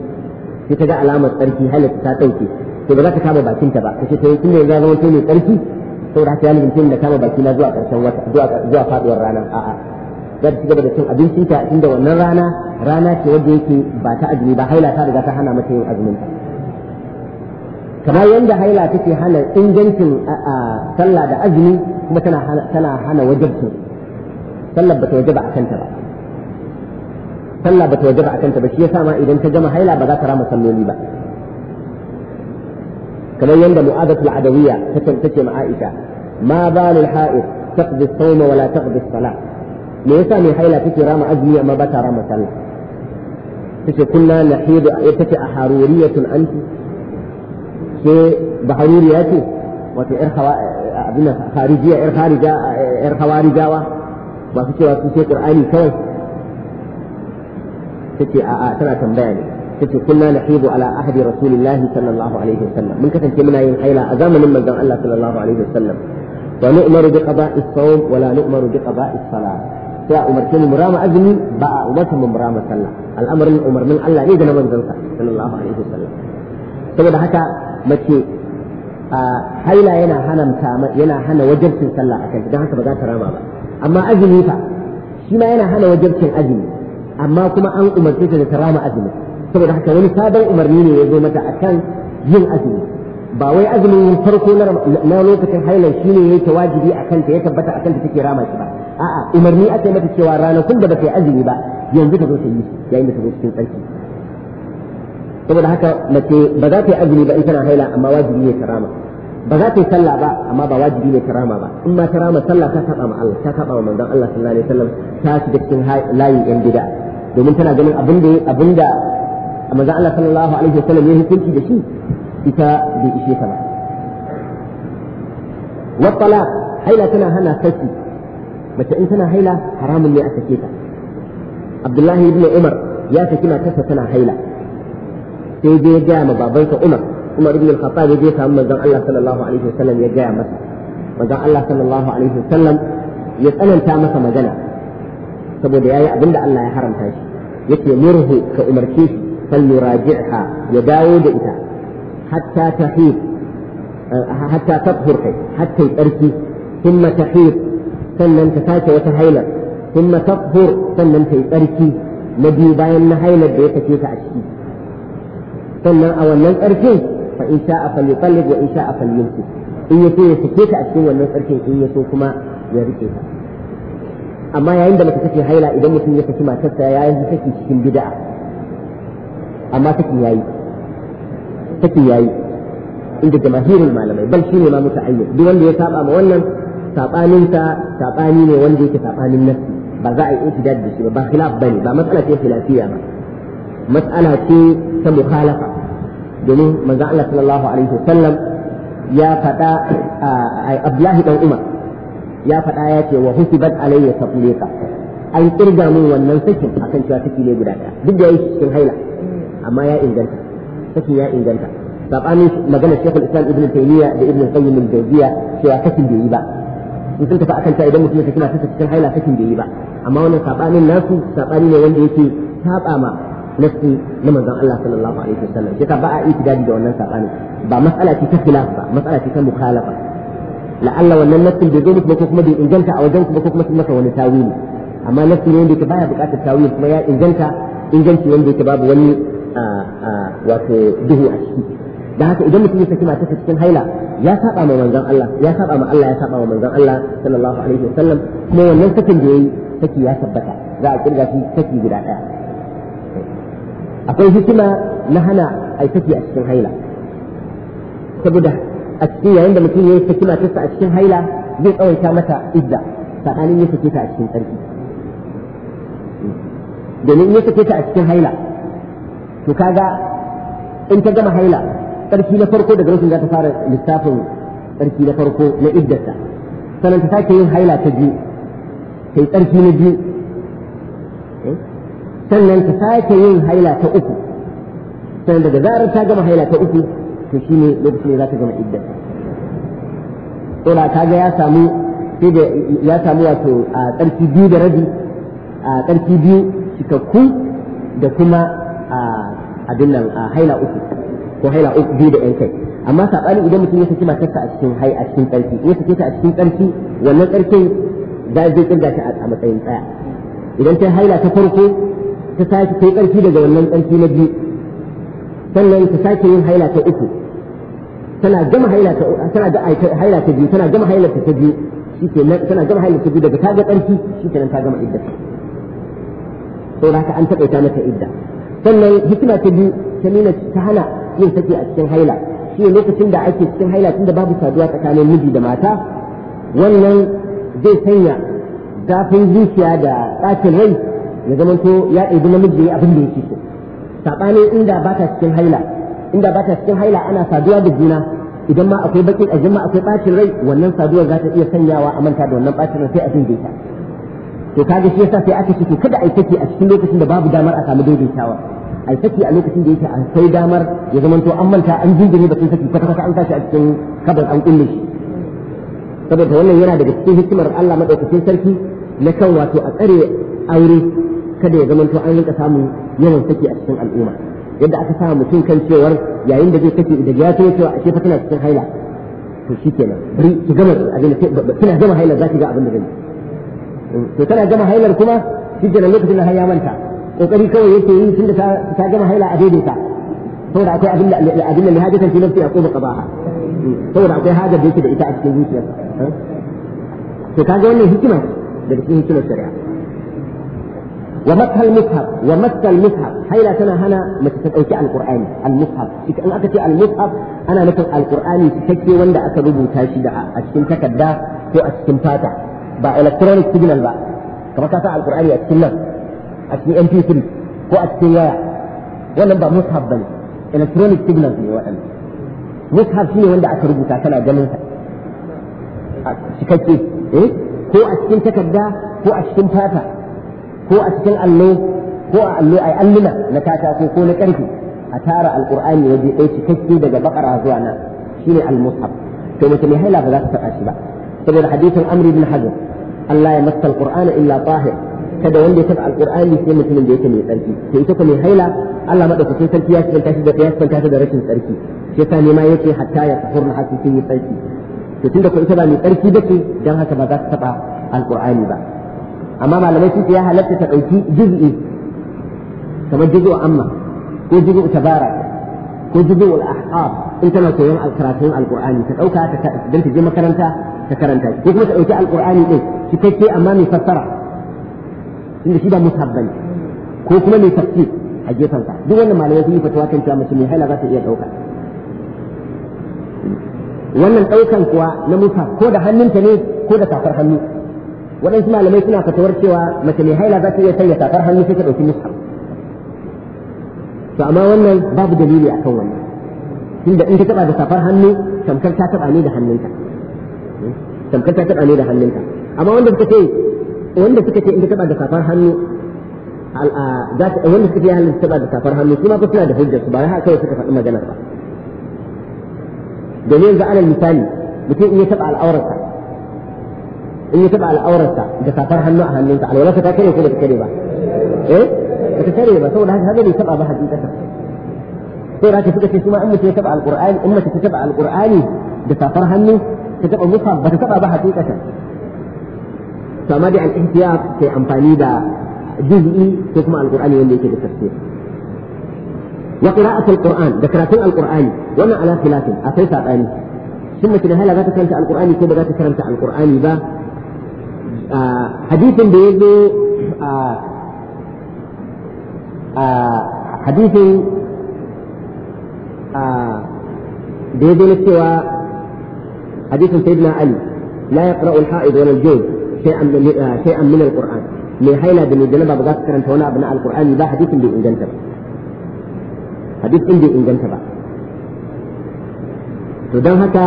sai ta ga alamar tsarki hailar ta dauke to ba za ta kama bakinta ba kace to yanzu yanzu zama to mai tsarki saboda haka ya nufin da kama baki na zuwa karshen wata zuwa zuwa faduwar rana a'a za ta ci gaba da cin abincin ta inda wannan rana rana ce wadda yake ba ta azumi ba haila ta riga ta hana mata yin azumin ta kamar yadda haila take hana ingancin sallah da azumi kuma tana tana hana wajabcin sallar bata wajaba a kanta ba sallah bata wajaba a kanta ba shi yasa ma idan ta gama haila ba za ta rama salloli ba kamar yadda mu'adatul adawiyya ta ce ma Aisha ma balul ha'id taqdi as-sawma wa la taqdi as-salah me yasa mai haila take rama azumi amma ba ta rama sallah tace kunna nahidu eh, tace a haruriyatun anti ke baharuriya ce wato yar hawa eh, abin kharijiya yar kharija eh, yar hawarijawa ba su cewa su ce qur'ani kawai tace a a tana tambaya ne tace kunna nahidu ala ahdi rasulillahi sallallahu alaihi wasallam mun kasance muna yin haila a zamanin manzon Allah sallallahu alaihi wasallam ونؤمر بقضاء الصوم ولا نؤمر بقضاء الصلاة sai a umarce mu rama azumi ba a umarce mu rama sallah al'amarin umarnin Allah ne da na manzansa sallallahu alaihi wasallam saboda haka mace a haila yana hanamta yana hana wajibcin sallah akan dan haka ba za ta rama ba amma azumi fa shi ma yana hana wajibcin azumi amma kuma an umarce ta da ta rama azumi saboda haka wani sabon umarni ne ya zo mata akan yin azumi ba wai azumin farko na lokacin hailan shine yayi ta wajibi a kanta ya tabbata akan ta take rama shi ba a'a umarni aka yi mata cewa ranakun da ba ta yi azumi ba yanzu ta zo ta yi yayin da ta zo cikin tsarki saboda haka mace ba za ta yi azumi ba in tana haila amma wajibi ne karama ba za ta yi sallah ba amma ba wajibi ne karama ba in ma karama sallah ta saba ma Allah ta saba ma manzon Allah sallallahu alaihi wasallam ta shiga cikin layin yan bid'a domin tana ganin abin da abin da manzon Allah sallallahu alaihi wasallam ya hukunci da shi ita bai ishe ta ba wa haila tana hana saki mace in tana haila haramun ne a sake ta abdullahi ibn umar ya saki matarsa tana haila sai je ya gaya ma babansa umar umar ibn al-khattab ya je samu manzon Allah sallallahu alaihi wasallam ya gaya masa manzon Allah sallallahu alaihi wasallam ya tsananta masa magana saboda yayi abin da Allah ya haramta shi yake murhu ka umarce shi fal yuraji'ha ya dawo da ita hatta tahid hatta tadhhur kai hatta tsarki thumma tahid sannan ta sake wata hailar thumma tahur sannan ta yi tsarki na biyu bayan na hailar da ya take ta a ciki sannan a wannan tsarkin fa in sha'a falyutalliq wa in sha'a falyumsik in ya so ya sake ta a cikin wannan tsarkin in ya so kuma ya rike ta amma yayin da mace take haila idan mutum ya saki matarsa ya yi saki cikin bid'a amma saki yayi saki yayi inda jamahirul malamai bal shine ma muta'ayyin duk wanda ya saba ma wannan sabanin sa sabani ne wanda yake sabanin nafsi ba za a yi itidad da shi ba ba khilaf bane ba matsala ce khilafiya ba matsala ce ta mukhalafa domin manzo Allah sallallahu alaihi wasallam ya faɗa Abdullahi dan Umar ya faɗa ya ce wa husibat alayya tatliqa an kirga min wannan sakin akan cewa saki ne guda ɗaya duk da yake cikin haila amma ya inganta sakin ya inganta sabanin magana Sheikhul Islam Ibn Taymiyyah da Ibn Qayyim al-Jawziyya cewa sakin bai yi ba su sun tafi akan ta idan mutum ya saki matarsa cikin haila sakin bai yi ba amma wannan sabanin nasu sabani ne wanda yake saba ma nafsi na manzon Allah sallallahu alaihi wasallam yasa ba a itidali da wannan sabanin ba mas'ala ce ta khilaf ba mas'ala ce ta mukhalafa la'alla wannan nafsin bai zo muku ko kuma bai inganta a wajen kuma ko kuma sun masa wani tawili amma nafsi ne wanda yake baya buƙatar tawili kuma ya inganta inganci wanda yake babu wani wato duhu a ciki da haka idan mutum ya saki mata cikin haila ya saba ma manzon Allah ya saba ma Allah ya saba ma manzon Allah sallallahu alaihi wasallam kuma wannan sakin da yayi saki ya tabbata za a kirga shi saki guda daya akwai hikima na hana ai saki a cikin haila saboda a cikin yayin da mutum ya saki matarsa a cikin haila zai tsawaita mata idda tsakanin ya sake ta a cikin tsarki domin ya sake ta a cikin haila to kaga in ta gama haila ƙarfi na farko daga rashin za ta fara lissafin ƙarfi na farko na iddarsa sannan ta sake yin haila ta biyu ta yi ƙarfi na biyu eh? sannan ta sake yin haila ta uku sannan daga zarar ta gama haila ta uku to shi ne lokacin da za ta gama iddar ta kaga ya samu ya samu wato a ƙarfi biyu da rabi a ƙarfi biyu cikakku da kuma a abin nan a haila uku ko haila uku biyu da yan kai amma sabani idan mutum ya saki matarsa a cikin hai a cikin tsarki ya saki ta a cikin tsarki wannan tsarkin za zai kirga ta a matsayin tsaya idan ta haila ta farko ta sake ta tsarki daga wannan tsarki na biyu sannan ta sake yin haila ta uku tana gama haila ta tana ga haila ta biyu tana gama haila ta biyu shikenan tana gama haila ta biyu daga ta ga tsarki shikenan ta gama idda saboda haka an taƙaita mata idda sannan hikima ta biyu ta nuna ta hana yin sake a cikin haila shi ne lokacin da ake cikin haila tunda babu saduwa tsakanin miji da mata wannan zai sanya zafin zuciya da ɗakin rai ya zamanto ya ɗaibi namiji ya abin da yake so saɓanin inda ba ta cikin haila inda ba ta cikin haila ana saduwa da juna idan ma akwai baƙin ajin ma akwai ɓacin rai wannan saduwa za ta iya sanyawa a manta da wannan ɓacin rai sai a dinga to kaga shi yasa sai aka ce kada a yi a cikin lokacin da babu damar a samu daidaitawa ai saki a lokacin da yake an sai damar ya zama to an manta an jinjiri ba batun saki kwata kwata an tashi a cikin kabar an kulle shi saboda wannan yana daga cikin hikimar Allah madaukakin sarki na kan wato a tsare aure kada ya zama to an rinka samun yawan saki a cikin al'umma yadda aka samu mutum kan cewar yayin da zai saki da ya so cewa a ce fa tana cikin haila to shikenan bari ki gama abin da kina gama haila za ki ga abin da zai to tana gama hailar kuma shikenan lokacin da har ya manta kokari kawai yake yi tunda ta gama haila a daidaita saboda akwai abin da abin da lihajatan fi nafsi aquba qabaha saboda akwai hajar da yake da ita a cikin zuciya to kaga wannan hikima daga cikin hikimar shari'a wa mathal mushaf wa mathal mushaf haila tana hana mace ta dauki alqur'ani al-mushaf ita aka ce al-mushaf ana nufin alqur'ani cikakke wanda aka rubuta shi da a cikin takarda ko a cikin fata ba electronic signal ba kamar ka sa alqur'ani a cikin nan أتني إم بي ثري وأتسياء ولا بقى مصحف بل إلكترونيك سيجنال في واحد مصحف فيه ولا أتربو كأنا جنون شكلتي إيه هو أشكل تكدا هو أشكل تافا هو أشكل ألو هو ألو أي ألنا نكاتا فوقونا كنتي أتارى القرآن يجي إيه شكلتي بقى بقرة هزوانا شيني المصحف كما تلي هلا بذلك تقاشي بقى فبقى حديث الأمر بن حجر أن لا يمثل القرآن إلا طاهر kada wanda ya taɓa alqur'ani sai mutumin da yake mai tsarki sai ita kuma haila Allah madaukakin sarki ya shiga shi da ya tsanta ta da rashin tsarki sai ta nema yake hatta ya na hasu sun yi tsarki to tunda ko ita ba mai tsarki bace dan haka ba za ta taɓa alqur'ani ba amma malamai sun ya halatta ta ɗauki juz'i kamar juz'u amma ko juz'u tabara ko juz'u al-ahqaf in tana koyon karatun alqur'ani ta ɗauka ta dan ta je makaranta ta karanta ko kuma ta ɗauki alqur'ani din cikakke amma mai fassara tunda shi ba mushaf bane ko kuma mai tafsir a gefen duk wannan malamai sun yi fatawa kan cewa mace mai haila za ta iya ɗauka. wannan ɗaukan kuwa na mushaf ko da hannunta ne ko da safar hannu waɗansu malamai suna fatawar cewa mace mai haila za ta iya sanya safar hannu sai ta dauki mushaf to amma wannan babu dalili akan wannan tunda in ta taɓa da safar hannu tamkar ta taɓa ne da hannunta tamkar ta taɓa ne da hannunta amma wanda suka ce wanda suka ce in ka taba da safar hannu wanda suka ce halin taba da safar hannu kuma fa suna da hujjar su ba ya haka suka faɗi maganar ba domin yanzu alal misali mutum in ya taba al'aurarsa in ya taba al'aurarsa da safar hannu a hannunsa alwalarsa ta kare ko ba ta kare ba eh ba ta kare ba saboda haka bai taba ba hakikatan sai da suka ce kuma in mutum ya taba alqur'ani in mace ta taba alqur'ani da safar hannu ta taba musa ba ta taba ba hakikatan to da al-ihtiyat sai amfani da juz'i ko kuma al-qur'ani wanda yake da tafsir wa qira'atu al-qur'an da karatun al-qur'ani wannan ala khilafin akwai sabani shin mace da hala za ta karanta al-qur'ani ko ba za ta karanta al-qur'ani ba hadisin da yazo hadisin da yazo na cewa hadisin sayyidina ali la yaqra'u al-ha'id al junub شيئا من شيئا من القرآن mai haila da mai janaba ba za su karanta wani abu na alkur'ani ba hadisin bai inganta ba hadisin bai inganta ba to don haka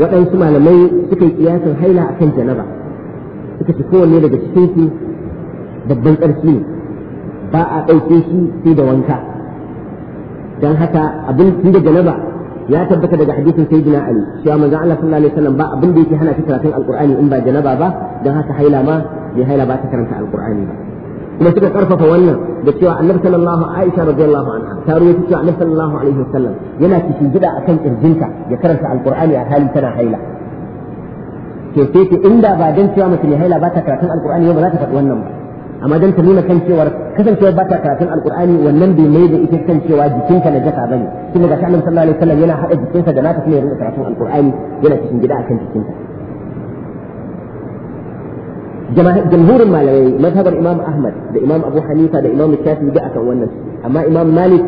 waɗansu malamai suka yi kiyasin haila a kan janaba suka ci kowanne daga cikin su babban ƙarfi ne ba a ɗauke shi sai da wanka don haka abin da janaba ya tabbata daga hadisin sayyidina ali cewa manzon Allah sallallahu alaihi wasallam ba abin da yake hana ta karatun alqur'ani in ba janaba ba dan haka haila ma bai haila ba ta karanta alqur'ani ba kuma suka karfafa wannan da cewa annabi sallallahu aisha radiyallahu anha ta ruwaito cewa annabi sallallahu alaihi wasallam yana cikin gida akan kirjinta ya karanta alqur'ani a halin tana haila to sai ce inda ba dan cewa mutum ya haila ba ta karatun alqur'ani ba za ta faɗi wannan ba amma ta nuna kan cewar kasancewar ba ta karatun al'kur'ani wannan bai mai da ita kan cewa jikinka na jaka bane ne ga annabi sallallahu alaihi wasallam yana hada jikinsa da nata kuma ya rinka karatun al'kur'ani yana cikin gida akan jikinsa jamhurin malamai mazhabar imam ahmad da imam abu hanifa da imam shafi da akan wannan amma imam malik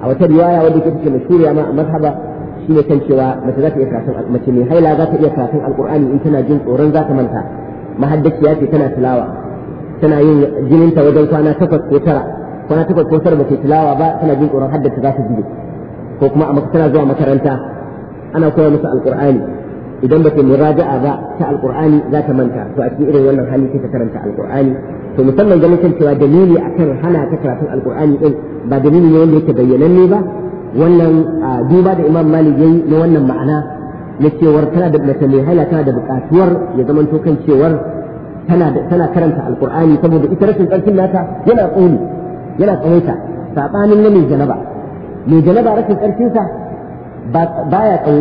a wata riwaya wanda ke take mashhuriya ma a mazhaba shine kan cewa mace za ta iya karatun mace mai haila za ta iya karatun al'kur'ani in tana jin tsoron za ta manta ya ce tana tilawa tana yin jininta wajen kwana takwas ko tara kwana takwas ko tara ba tilawa ba tana jin tsoron haddata za ta zube ko kuma a tana zuwa makaranta ana koya musu alqur'ani idan ba ta muraja'a ba ta alqur'ani za ta manta to a cikin irin wannan hali sai ta karanta alqur'ani to musamman ganin kan cewa dalili akan hana ta karatun alqur'ani din ba dalili ne wanda yake bayyananne ba wannan duba da imam malik yayi na wannan ma'ana na cewar tana da mace mai haila tana da bukatuwar ya zamanto kan cewar tana tana karanta alqur'ani saboda ita rashin tsarkin nata yana tsoni yana tsawaita sabanin ne mai janaba mai janaba rashin tsarkin sa baya tsawo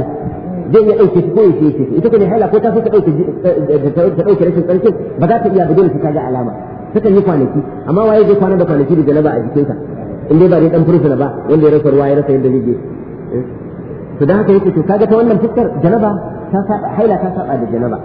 zai iya ɗauke shi ko ya ce shi ita ko ne haila ko ta so ta ɗauke ta ɗauke rashin tsarkin ba za ta iya ba dole ta ga alama takan yi kwanaki amma waye zai kwana da kwanaki da janaba a jikinsa in dai ba dai dan fursuna ba wanda ya rasa ruwa ya rasa yadda zai je eh? to da haka yake to kaga ta wannan fuskar janaba ta saba haila ta saba da janaba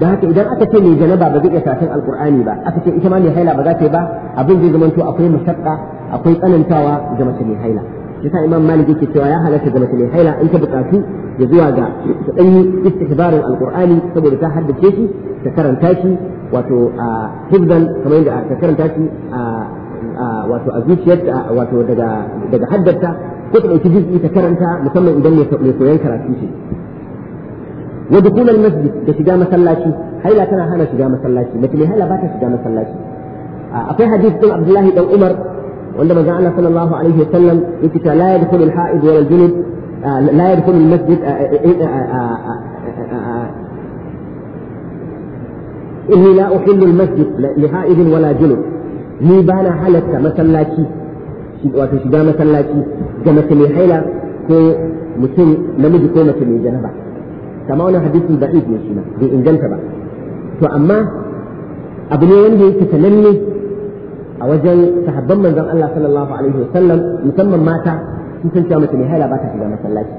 da haka idan aka ce mai janaba ba zai iya karatun alkur'ani ba aka ce ita ma mai haila ba za ta yi ba abin zai zamanto akwai mashakka akwai tsanantawa ga mace mai haila shi sa imam maliki yake cewa ya halatta ga mace mai haila in ta bukatu ya zuwa ga ta dan yi istihbarin alkur'ani saboda ta haddace shi ta karanta shi wato a hibban kamar yadda ta karanta shi wato a wato daga daga haddarta ko ta dauki jiki ta karanta musamman idan mai koyon karatu ce ودخول المسجد كشجاع مسلاشي هاي لا ترى هنا شجاع مسلاشي مثل هلا بات شجاع مسلاشي أفي حديث بن عبد الله بن عمر عندما جعلنا صلى الله عليه وسلم يكتب لا يدخل الحائض ولا الجند لا يدخل المسجد إني لا أحل المسجد لحائض ولا جنب نيبانا حلت مسلاشي وفي شجاع مسلاشي جمت لي حيلة كي مسلم لم يكن مسلم جنبه kama wannan hadisin da ne shi bai inganta ba to amma abu ne wanda yake sananne a wajen sahabban manzon Allah sallallahu alaihi wasallam musamman mata sun san cewa mace mai haila ba ta shiga masallaci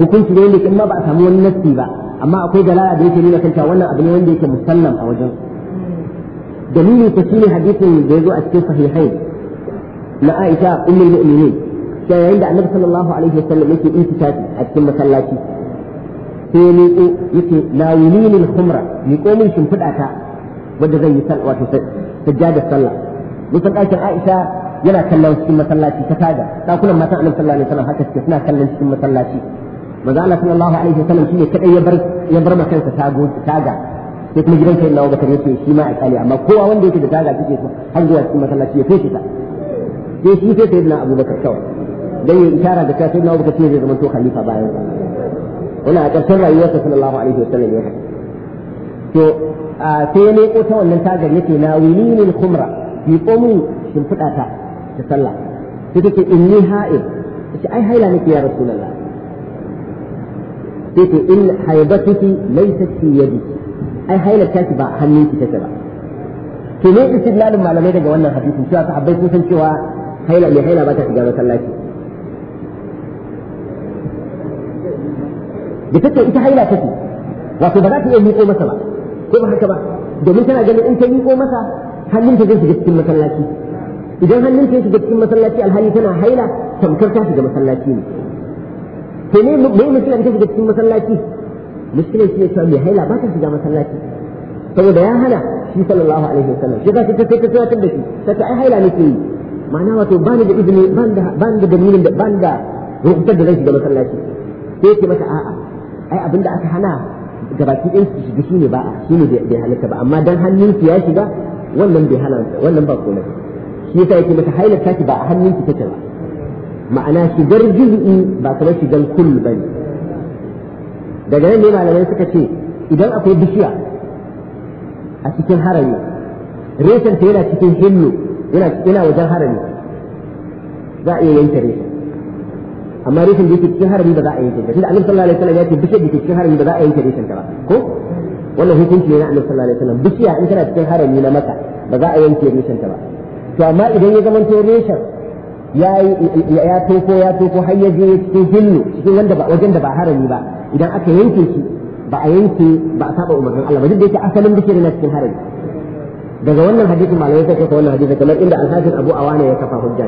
hukunci ne wanda in ma ba a samu wani nassi ba amma akwai dalala da yake nuna kan cewa wannan abu ne wanda yake musallam a wajen dalili ta shine hadisin da ya zo a cikin sahihain na Aisha ummul mu'minin sai yayin da Annabi sallallahu alaihi wasallam yake intikafi a cikin masallaci sai ya miƙo yake la yulini al-khumra miƙo min shimfiɗa ta wanda zai yi wato sajjada sallah nisan ɗakin Aisha yana kallon cikin masallaci ta ɗakunan matan Annabi sallallahu alaihi wasallam haka suke suna kallon cikin masallaci manzo Allah sallallahu alaihi wasallam shine kadai ya bar ya bar makansa tago taga sai kuma gidan sayyidina yake shi ma a kali amma kowa wanda yake da taga so har zuwa cikin masallaci ya fice sai shi sai sayyidina kawai dan ya isharar da cewa sayyidina Abubakar zai zama to khalifa bayan sa ina a ƙarshen rayuwarsa sallallahu alaihi wasallam ya to sai ya leko ta wannan tagar yake na min kumra bi qomin shimfiɗa ta ta sallah sai take ni ha'il ce ai haila nake ya rasulullah sai ce in haibatuki laysat fi yadi ai haila ta ba hannun hannunki take ba to ne istidlalin malamai daga wannan hadisin cewa sahabbai sun san cewa haila ne haila ba ta shiga masallaci da take ita haila take wato ba za ta iya miƙo masa ba ko ba haka ba domin tana ganin in ta miƙo masa hannunta zai shiga cikin masallaci idan hannun ta shiga cikin masallaci alhali tana haila tamkar ta shiga masallaci ne to ne me mutum ta shiga cikin masallaci mutum shi ne cewa mai haila ba ta shiga masallaci saboda ya hana shi sallallahu alaihi wasallam shi za ta ta ta tunatar da shi ta ta ai haila nake yi ma'ana wato ba ni da izini ba ni da dalilin da ba ni da rubutar da zan shiga masallaci sai ce mata a'a ai abin da aka hana gabaki ɗin su shiga shine ba shine bai halitta ba amma dan hannun ki ya shiga wannan bai halatta wannan ba komai shi yasa yake maka hailar taki ba a hannun ki take ba ma'ana shigar juz'i ba kamar shigar ba ne. daga nan ne malamai suka ce idan akwai bishiya a cikin harami reshen ta yana cikin hillu yana wajen harami za a iya yanke reshen amma rikin da yake cikin harami ba za a yanke shi da annabi sallallahu alaihi wasallam ya ce bishiyar da yake cikin harami ba za a yanke rikin ta ba ko wannan hukunci ne na annabi sallallahu alaihi wasallam bishiya in tana cikin harami na maka ba za a yanke rikin ta ba to amma idan ya zamanto reshen ya ya toko ya toko har ya je cikin hillu cikin wanda ba wajen da ba harami ba idan aka yanke shi ba a yanke ba a saba umarnin Allah ba duk da yake asalin ne na cikin harami daga wannan hadisin malamai suka kafa wannan hadisin kamar inda alhajin Abu Awana ya kafa hujja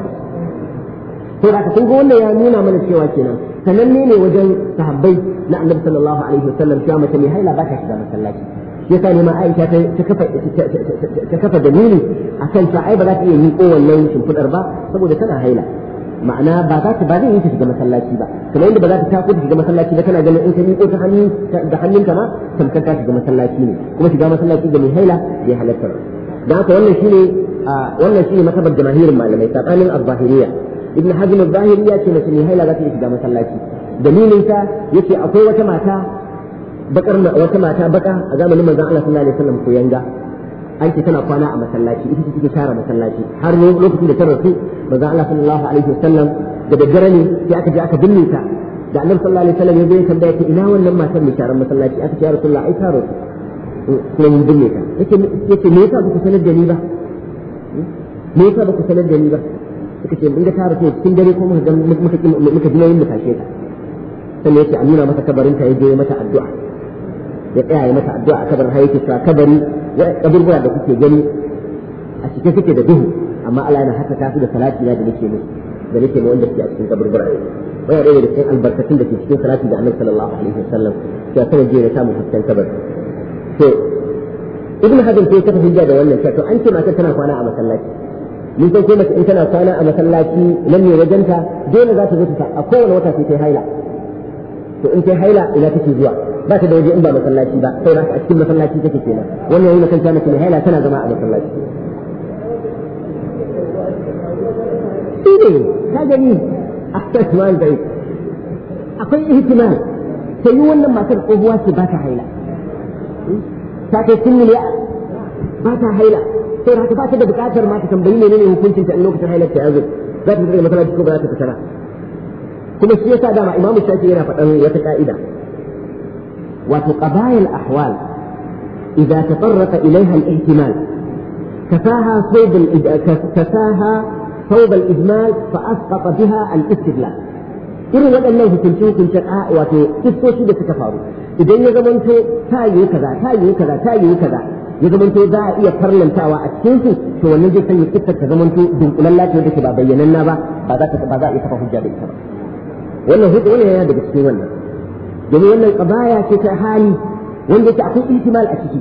to da kun ga wannan ya nuna mana cewa kenan sananne ne wajen sahabbai na annabi sallallahu alaihi wasallam cewa mace mai haila ba ta shiga masallaci ya yasa ne ma Aisha ta kafa ta kafa dalili akan ta ai ba za ta iya miƙo wannan shimfiɗar ba saboda tana haila ma'ana ba za ta ba zai yi ta shiga masallaci ba kamar yadda ba za ta tafi shiga masallaci ba tana ganin in ta miƙo ta hannu da hannunka ma tamkar ta shiga masallaci ne kuma shiga masallaci ga mai haila bai halatta da haka wannan shine wannan shine matabar jamahirin malamai tsakanin az ibn hazm zahiri ya ce mace mai haila za ta shiga masallaci dalilin sa yace akwai wata mata bakar wata mata baka a zamanin manzon Allah sallallahu alaihi wasallam ko yanga an ce tana kwana a masallaci ita ce take tara masallaci har lokacin da ta rasu manzon Allah sallallahu alaihi wasallam da daddare ne sai aka je aka binne ta da annabi sallallahu alaihi wasallam ya zo ya tambaya ta ina wannan matar mai taron masallaci aka ce ya rasulullahi ai ta rasu ko mun binne ta yace yace me yasa ba ku sanar da ni ba hmm? me yasa ba ku sanar da ni ba suka ce mun ga ta rasu cikin dare ko muka muka muka ji yayin mutashe ta sai yake a nuna masa kabarin ta yaje mata addu'a ya tsaya ya mata addu'a a kabarin har yake cewa kabari ya kaburbura da kuke gani a cike suke da duhu amma Allah yana haka ta su da salati da nake musu da nake mu wanda ke a cikin kaburbura wani ɗaya da cikin albarkatun da ke cikin salati da annabi sallallahu alaihi wasallam ya sanar jiya ta mu fuskan kabar to ibn hazm sai ya kafa hujja da wannan cewa to an ce matar tana kwana a masallaci mun san kai mace in tana kwana a masallaci nan ne wajenta dole za ta zo ta a kowane wata sai ta haila to in ta haila ina take zuwa ba ta da waje in ba masallaci ba sai ba ta a cikin masallaci take kenan wannan yayin kan ta mace mai haila tana zama a masallaci shine ta gani ahsan man dai akwai ihtimal sai wannan matar tsohuwa ce ba ta haila ta kai sun miliya ba ta haila sai haka ba ta da buƙatar ma ta tambayi menene hukuncin ta in lokacin halatta ya zo za ta fita masallaci ko ba za ta fita ba kuma shi yasa dama imamu shafi yana faɗan wata ka'ida wato qabayil ahwal idza tatarrafa ilaiha al-ihtimal kasaha thawb kasaha thawb al-ijmal fa asqata biha al-istidlal irin waɗannan hukunce hukunce wato kiskoshi da suka faru idan ya zamanto ta yi kaza ta yi kaza ta yi kaza ya zamanto za a iya farlantawa a cikin su to wannan zai sanya kissar ta zamanto dunkulan lafiya da ke ba bayyananna ba ba za ta ba za a iya kafa hujja da ita ba wannan hujja wannan yana daga cikin wannan domin wannan kabaya ce ta hali wanda yake akwai ihtimal a ciki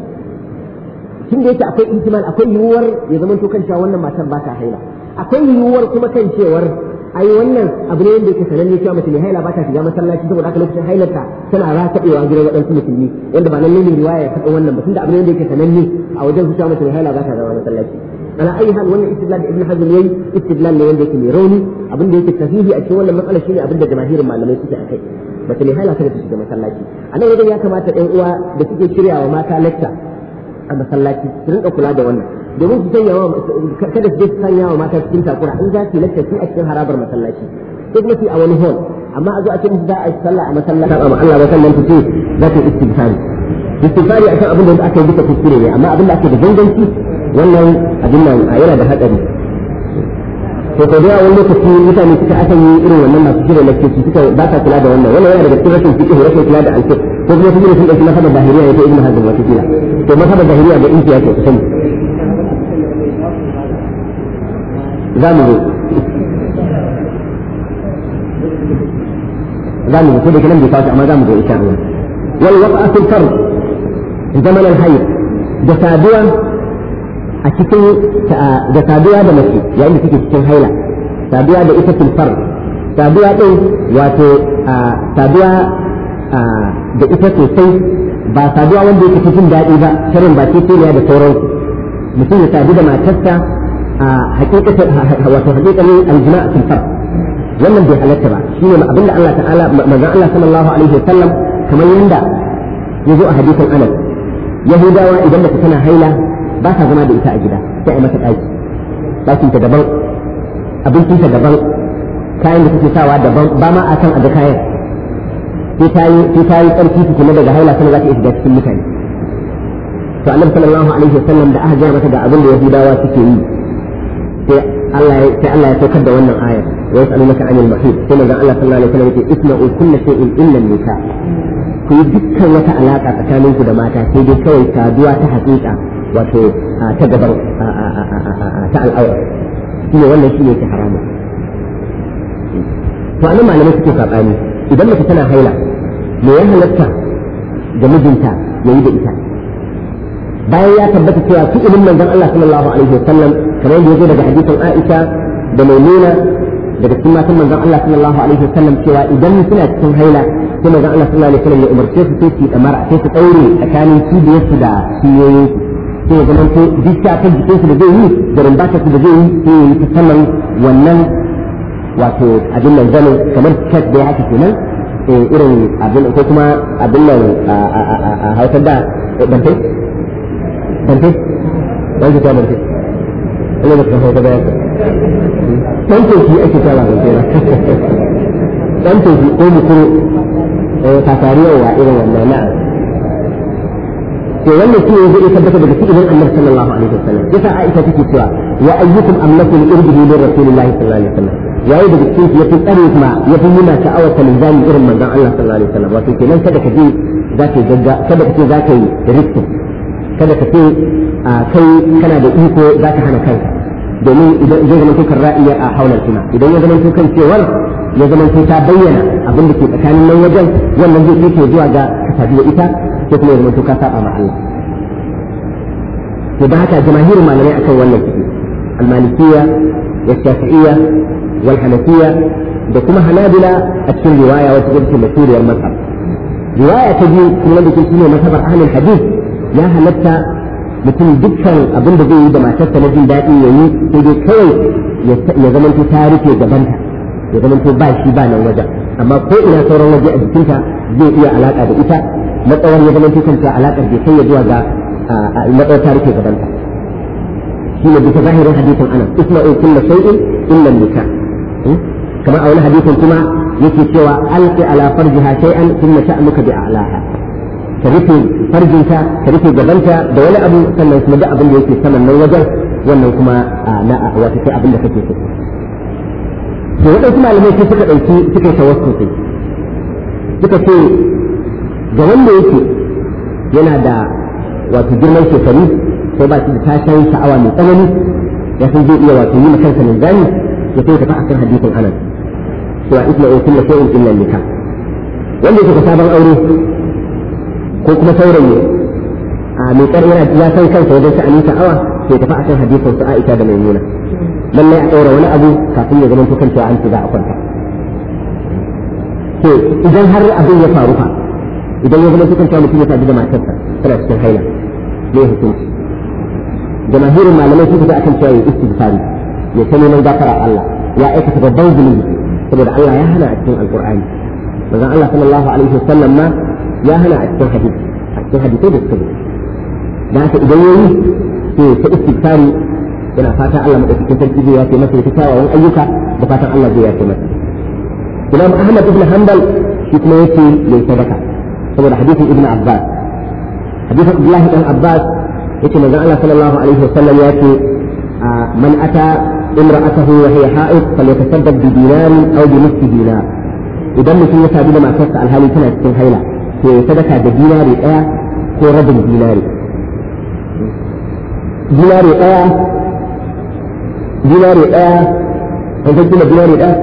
da yake akwai ihtimal akwai yiwuwar ya zamanto kan cewa wannan matar ba ta haila akwai yiwuwar kuma kan cewar ai wannan abu ne wanda yake sananne cewa mace mai haila ba ta shiga masallaci saboda haka lokacin hailarta tana rataɓewa gidan waɗansu musulmi wanda ba nan ne riwaya ya faɗa wannan ba tunda abu ne wanda yake sananne a wajen cewa mace mai haila ba ta zama masallaci ala ayi hal wannan istidlal da ibn hazm yayi istidlal ne wanda yake mai rauni abin da yake sahihi a cikin wannan matsala shine abin da jamahirin malamai suke akai mace mai haila kada ta shiga masallaci a nan wajen ya kamata ɗan uwa da suke shiryawa mata lecture a masallaci su rinka kula da wannan domin su sanya wa kada su je su sanya wa mata cikin takura in za su lakta su a cikin harabar masallaci duk mafi a wani hall amma a zo a ce musu za a yi sallah a masallaci amma Allah ba sallan su ce za ta istighfari istighfari akan abin da aka yi duka kuskure ne amma abin da ake da ganganci wannan abin nan yana da hatsari to ko da wani lokaci mutane suka akan yi irin wannan masu kira lakcin suka ba sa kula da wannan wannan yana daga cikin rashin fiqh rashin kula da alfiqh ko kuma kuma sun dauki masabar zahiriya ya ta ibnu hazm wata kila to masabar zahiriya da inki yake kusan za mu zo za mu zo da kalam bai fata amma za mu zo insha Allah wal waqa'atu fard zaman al-hayd da saduwa a cikin da saduwa da mace yayin da take cikin haila saduwa da ita tilfar saduwa din wato saduwa da ita sosai ba saduwa wanda yake cikin daɗi ba shirin ba ya da sauransu mutum ya sadu da matarsa wato hakikatar aljima fil wannan bai halatta ba shine abin da Allah ta'ala manzo Allah sallallahu alaihi wasallam kamar yanda yazo a hadisin Anas Yahudawa idan mace tana haila ba ta zama da ita a gida sai a mata ɗaki ɗakin ta daban abincin ta daban kayan da suke sawa daban ba ma a kan a kayan sai ta yi tsarki su kuma daga haila sannan za ta iya shiga cikin mutane to annabi sallallahu alaihi wasallam da aka gaya mata ga abin da yahudawa suke yi sai Allah ya sai Allah ya saukar da wannan ayar wa yas'alunaka 'anil mahid sai manzon Allah sallallahu alaihi wasallam sallam ce isma'u kullu shay'in illa an-nikah ku yi dukkan wata alaƙa tsakaninku da mata sai dai kawai saduwa ta haƙiƙa wato ta gabar ta al'aura shi ne wannan shi ne ke haramu to anan malamai suke saɓani idan mace tana haila me ya halatta mijinta ya yi da ita bayan ya tabbata cewa fi'ilin manzon Allah sallallahu alaihi wasallam kamar yadda ya daga hadisin Aisha da Maimuna daga cikin matan manzon Allah sallallahu alaihi wasallam cewa idan suna cikin haila sai manzon Allah sallallahu alaihi wasallam ya umarce su sai su damar sai su daure tsakanin cibiyarsu da ciyoyinsu sai ya zama to duk shafin jikin su da zai yi da rumbata su da zai yi sai ya yi ta saman wannan wato abin nan zane kamar cek da ya haka kenan eh, irin abin ko kuma abin nan a hausar da eh, bante bante wani ta bante ina da kan hausar da ya ka dan toki ake tara bante na dan toki ko mukuru fasariyar eh, wa irin wannan na'am to wannan shine zai tabbata daga cikin annabi sallallahu alaihi wasallam yasa Aisha take cewa ya ayyukum amlaku irbihi min rasulillahi sallallahu alaihi wasallam yayi daga cikin ya fi tsare ma ya fi nuna sha'awa kalmani irin manzon Allah sallallahu alaihi wasallam wato kenan kada ka je za ka gagga kada ka ce za ka yi riski kada ka ce kai kana da iko za ka hana kanka domin idan zai zama tukar ra'iya a haular kuma idan ya zama tukar cewar ya zama ta bayyana abin da ke tsakanin nan wajen wannan zai ke zuwa ga ka da ita ko kuma ya ka saba ma Allah to da haka jama'irin malamai akan wannan suke al-malikiyya da shafi'iyya wal hanafiyya da kuma hanabila a cikin riwaya wata ita ce mashhuriyar mazhab riwaya ta biyu kuma da ke shine mazhabar ahlul hadith ya halatta mutum dukkan abin da zai yi da matarsa na jin daɗi ya yi sai dai kawai ya zamanto ta rufe gabanta ya zamanto ba shi ba nan wajen amma ko ina sauran waje a jikinta zai iya alaƙa da ita matsawar ya zamanto kan cewa alaƙar bai kai ya zuwa ga matsawar ta rufe gabanta shi ne bisa zahirin hadisin anan isma'u kulla shay'in illa nika hmm? kamar a wani hadisin kuma yake cewa alqi ala farjiha shay'an thumma ta'muka bi a'laha ka rufe farjinta ka rufe gabanta da wani abu sannan kuma duk abin da yake saman nan wajen wannan kuma na wata sai abin da kake so to wadansu malamai sai suka ɗauki suka yi tawassul suka ce ga wanda yake yana da wato girman shekaru sai ba shi da tashin sha'awa mai tsanani ya san zai iya wato yi ma kansa mai gani ya sai a akan hadisin anan a isma in kullu shay'in illa nikah wanda yake sabon aure ko kuma saurayi a mai kar yana ya san kansa wajen sha'ani sha'awa sai a akan hadisin su Aisha da Maimuna lallai a ɗaura wani abu kafin ya zama kukan cewa an ce za a kwanta to idan har abin ya faru fa idan ya zama sukan samu ya sadu da matarsa tana cikin haila ne hukunci jamahirin malamai su fita akan cewa ya istighfari ya ta neman gafara Allah ya aikata babban zunubi saboda Allah ya hana a cikin alqur'ani manzon Allah sallallahu alaihi wasallam ma ya hana a cikin hadisi a cikin hadisi da suka da haka idan yayi to ta istighfari yana fata Allah madaukakin sarki zai yafe masa ya ta wani ayyuka da fatan Allah zai yafe masa Imam Ahmad ibn Hanbal shi kuma yake yayi sadaka saboda hadisin ibn abbas hadisin abdullahi dan abbas yace manzon Allah sallallahu alaihi wasallam ya ce man ata imra'atahu wa hiya ha'id falyatasaddaq bi dinar aw bi nisfi dinar idan mutum ya sadu da matarsa alhali tana cikin haila to ya sadaka da dinari daya ko rabin dinari dinari daya dinari daya an san kila dinari daya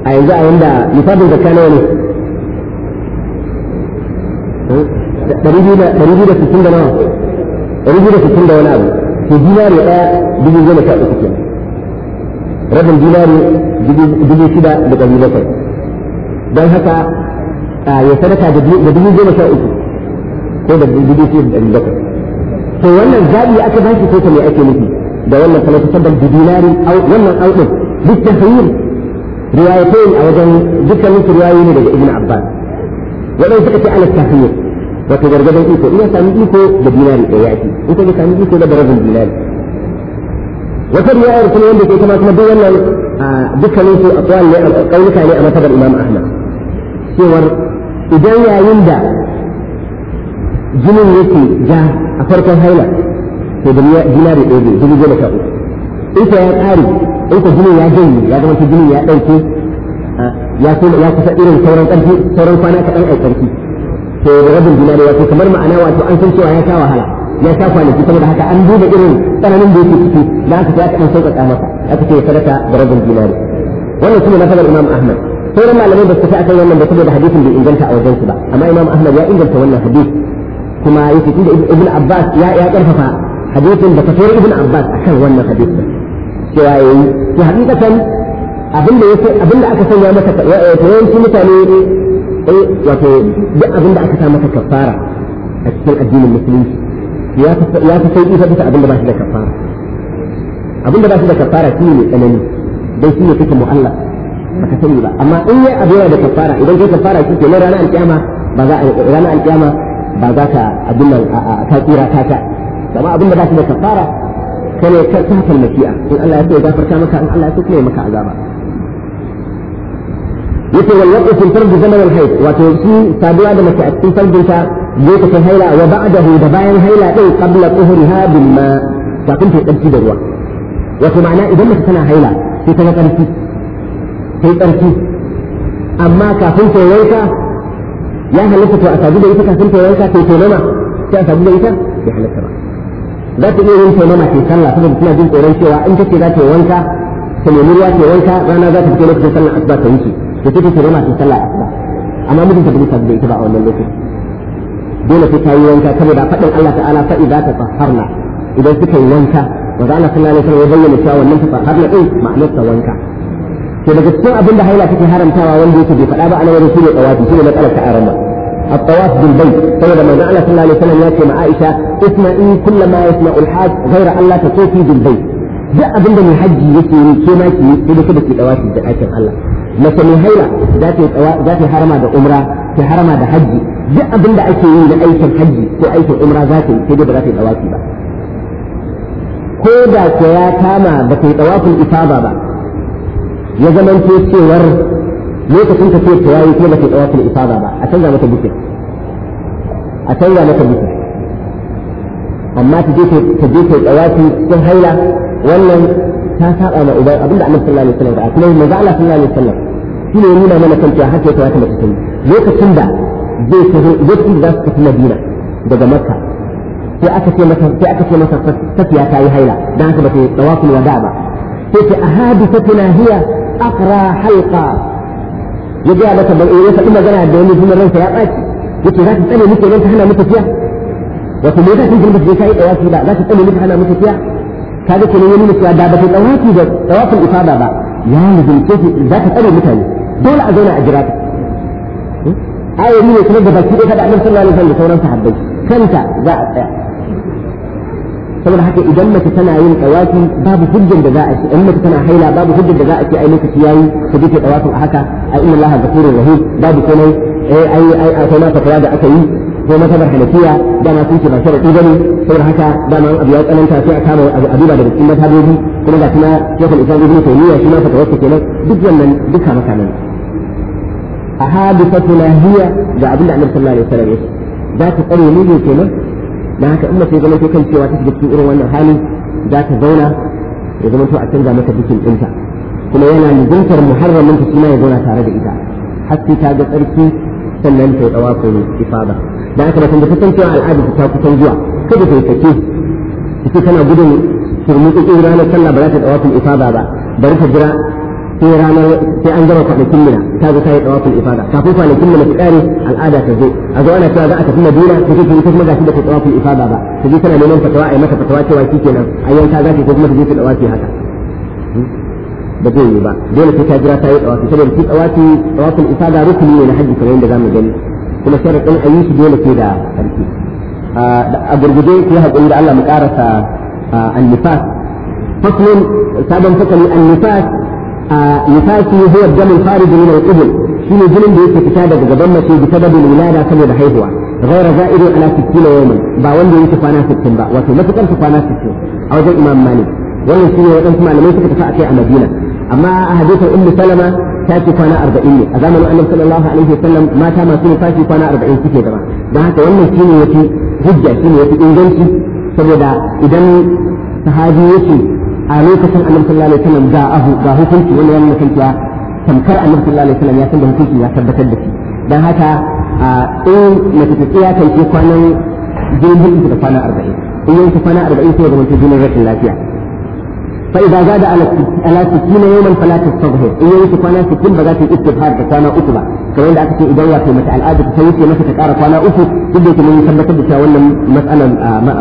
a yanzu a yanda misalin zakka nawa ne ɗari biyu da sittin da nawa ɗari biyu da sittin da wani abu to dinari ɗaya dubu goma sha uku kenan rabin dinari dubu shida da ɗari bakwai don haka ya sadaka da dubu goma sha uku ko da dubu shida da ɗari bakwai to wannan zaɓi aka ba shi ko ta me ake nufi da wannan kuma ta tabbata da dinari wannan auɗin duk da hayyin riwayatai a wajen dukkanin riwayoyi ne daga ibn abbas wadanda suka ce ala tahmir wato gargadan iko ina sami iko da dinari da yaki in ka sami iko da rabin dinari wata riwayar kuma wanda ke kama kuma duk wannan dukkanin su tsawon ne kauluka ne a matabar Imam Ahmad cewar idan yayin da jinin yake ja a farkon haila to da dinari ɗaya ne jini goma sha uku in ya ƙare in ka jinin ya janye ya zama jinin ya ɗauke ya kuma ya kusa irin sauran karfi sauran kwana kaɗan a karfi to rabin dinari wato kamar ma'ana wato an san cewa ya sha wahala ya sha kwanaki saboda haka an duba irin tsananin da yake ciki da aka ya kaɗan sauƙaƙa masa aka ce sadaka da rabin dinari wannan shine na fadar imam ahmad sauran malamai ba su tafi akan wannan ba saboda hadisin bai inganta a wajen ba amma imam ahmad ya inganta wannan hadisi kuma yake tunda ibn abbas ya ya karfafa hadisin da tafiyar ibn abbas akan wannan hadisin cewa yayi to hakikatan abin da yake abin da aka sanya maka eh, yawanci mutane eh wato duk abin da aka sa maka kafara a cikin addinin musulunci ya ya fi sauki fa bisa abin da ba shi da kafara abin da ba shi da kafara shi ne tsanani dai shi ne kake mu'alla ba ka sani ba amma in ya abu da kafara idan kai kafara shi ke na ranar alkiyama ba za a ranar alkiyama ba za ka abin nan ka tsira ka ta amma abin da ba shi da kafara kane ka ta kalmakiya in Allah ya so ya gafarta maka in Allah ya so kuma ya maka azaba yake walwaqtu fil farj zaman al hayd wato shi saduwa da mace a cikin farjin ta lokacin haila wa ba'dahu da bayan haila din qabla tuhriha bil ma kafin ta tsarki da ruwa wato ma'ana idan mace tana haila sai ta tsarki sai tsarki amma kafin ta yanka ya halatta to a sadu da ita kafin ta yanka sai ta noma sai a sadu da ita ya halatta ba za ta iya yin ta noma sai sallah saboda tana jin tsoron cewa in take za ta wanka ta nemi ruwa ta wanka rana za ta fito lokacin sallah asuba ta wuce da take ta sallah asuba amma ta ba a wannan lokaci dole sai ta yi wanka saboda faɗin Allah ta'ala fa idza idan suka yi wanka wanda Allah sallallahu alaihi wasallam ya bayyana cewa wannan tatahharna din ma'anar ta wanka to daga cikin abin da haila take haramtawa wanda yake bai faɗa ba ana wani shine tawafi shine matsalar ta arama الطواف بالبيت سيدنا ما جعل صلى الله عليه وسلم يأتي مع عائشة اسمعي كل ما يسمع الحاج غير أن لا تطوفي بالبيت duk abin da mai hajji yake yi ke ma ki yi da kada da aikin Allah mace mai haila za ta za harama da umra ta harama da hajji duk abin da ake yi na aikin hajji ko aikin umra za ta yi sai dai ba za ta yi tsawafi ba ko da ya kama ba ta yi tsawafin isaba ba ya zamanto cewar lokacin ta ce ta yayi ko ba ta yi tsawafin isaba ba a canza mata bukin a canza mata bukin amma ta je ta je ta tsawafi cikin haila wannan ta saba ma ubai abinda annabi sallallahu alaihi wasallam da kuma manzo Allah sallallahu alaihi wasallam shi ne nuna mana kan cewa haka ya kamata mace ta yi lokacin da zai ta lokacin da za su tafi madina daga makka sai aka ce masa sai aka ce masa tafiya ta yi haila dan haka ba ta tawaful wada ba sai ce ahadithatuna hiya aqra halqa ya ga mata ban eh sai magana da wani kuma ransa ya baci yace za ta tsane muke ranka hana mu tafiya wato me yasa kin girma da kai tawafi ba za ta tsane muke hana mu tafiya kaga kenan wani mutuwa da ba ta tawafi da tawaful ifada ba ya mu dinke za ta tsare mutane دول عزونا اجراب اي مين يتنبه بالكيد ايه فدعنا صلى الله عليه وسلم صحبه كنت ذاعت فمن حكي اذا امك سنة عين قواتي باب فجن دذائش امك سنة حيلة باب فجن دذائش اي نوك سياي سبيت قواتي احكا اي ان الله الذكور الرهيب باب سنو اي اي اي اي اي اي اي اي اي فما صبر حنفية دام أسيس بشر إذن صبر حكا دام أبيات أنا تاسع كام أبيبا دام إما تابيبي كما ذاتنا يوم الإسلام إذن تونية كما فتوسط كما بجمن بكام كامل a hadisatu lahiya ga abin da annabi sallallahu alaihi wasallam ya ce za ta tsare ne ne kenan dan haka in mace zama ta kan cewa ta shiga cikin irin wannan hali za zauna ya zama to a canza mata bikin dinta kuma yana nuzantar muharramin ta kuma ya zauna tare da ita haske ta ga tsarki sannan ta yi tsawa ko ifada dan haka ta san cewa al'adu ta kusan zuwa kada ta yi sake ita tana gudun turmutsu ranar sallah ba za ta yi tsawa ko ba bari ta jira sai ranar sai an gama kwanakin mina ta zo ta yi tsawafin ifada kafin kwanakin mina su kare al'ada ta zo a zo ana cewa za a tafi madina ta ce ita kuma gashi da ta tsawafin ifada ba ta je tana neman fatawa a yi mata fatawa cewa kenan a yanka za ta ko kuma ta je ta tsawafi haka ba zai yi ba dole sai ta jira ta yi tsawafi saboda shi tsawafi tsawafin ifada rukuni ne na hajji kamar yadda za mu gani kuma sharaɗin a yi shi da ƙarfi a gurguje ku haƙuri da Allah mu sabon fasali annifas nifasi huwa damin kharij min al-qubul shine jinin da yake fita daga gaban mace bi sababin wilada saboda haihuwa غير زائد على 60 يوما ba wanda yake kwana 60 ba wato matukar kwana 60 a wajen Imam Malik wannan shine wadansu malamai suka tafi akai a Madina amma a hadisin Ummu Salama ta ce kwana arba'in ne a zamanin Annabi sallallahu alaihi wa sallam mata masu nufashi kwana 40 suke gaba dan haka wannan shine yafi hujja shine yafi inganci saboda idan sahabi yake a lokacin annabi sallallahu alaihi wasallam ga ahu ga hukunci wani yana nufin cewa tamkar annabi sallallahu alaihi wasallam ya san da hukunci ya tabbatar da shi dan haka in mace ta tsaya kan ke kwanan jirgin da kwana arba'in in yanke kwana arba'in sai ga mutum jinin rashin lafiya fa idza zada ala sittina yawman fala tastadhhir in yanke kwana sittin ba za ta yi istibhar da kwana uku ba kamar da aka ce idan wato mace al'ada ta wuce mata ta kara kwana uku duk da yake mun tabbatar da cewa wannan mas'alan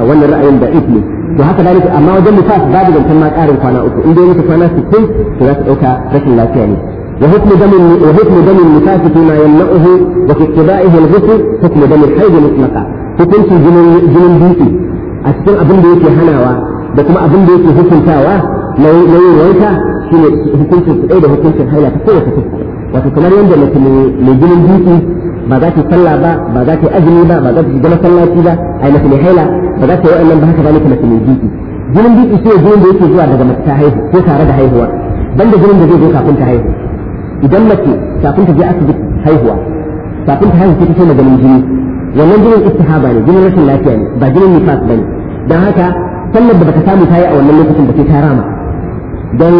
wannan ra'ayin da ne to haka dalika amma wajen nifas babu zancen ma ƙarin kwana uku in dai kwana 60 to za su ɗauka rashin lafiya ne wa damin وحكم دم وحكم دم النفاس فيما يمنعه وفي اتباعه الغسل حكم دم الحيض مطلقا hukunci jinin dutse a cikin abin da yake hanawa da kuma abin da yake hukuntawa na yin wanka shine hukuncin su da hukuncin haila ta kowace fuska wato kamar yadda mace mai ginin dutse ba za ta sallah ba ba za ta azumi ba ba za ta gama masallaci ba ai mace mai haila ba za ta yi wa'annan ba haka ba mace mace mai dutse ginin dutse shi ne ginin da yake zuwa daga mace ta haihu ko tare da haihuwa da ginin da zai zo kafin ta haihu idan mace kafin ta je asibiti haihuwa kafin ta haihu sai ta so maganin jini wannan jinin istihaba ne ginin rashin lafiya ne ba ginin nifas ba ne don haka sallar da baka samu ta yi a wannan lokacin ba sai ta rama don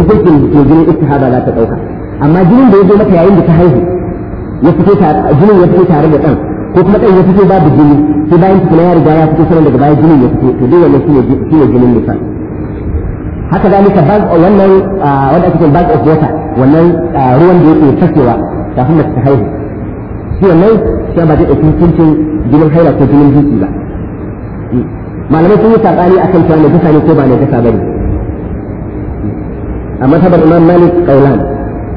hukuncin jinin istihaba za ta ɗauka amma jinin da ya zo mata yayin da ta haihu ya fito jinin ya fito tare da ɗan ko kuma ɗan ya fito babu jini sai bayan tukuna ya riga ya fito sanan daga baya jinin ya fito to dai wannan shi ne jinin nisan haka zalika bag wannan wanda ake ba of water wannan ruwan da yake fasewa kafin mace ta haihu shi wannan sai ba zai ɗauki hukuncin jinin haila ko jinin jiki ba malamai sun yi saɓani akan cewa ne gasa ne ko ba na gasa ba ne ta matabar imam malik kaulan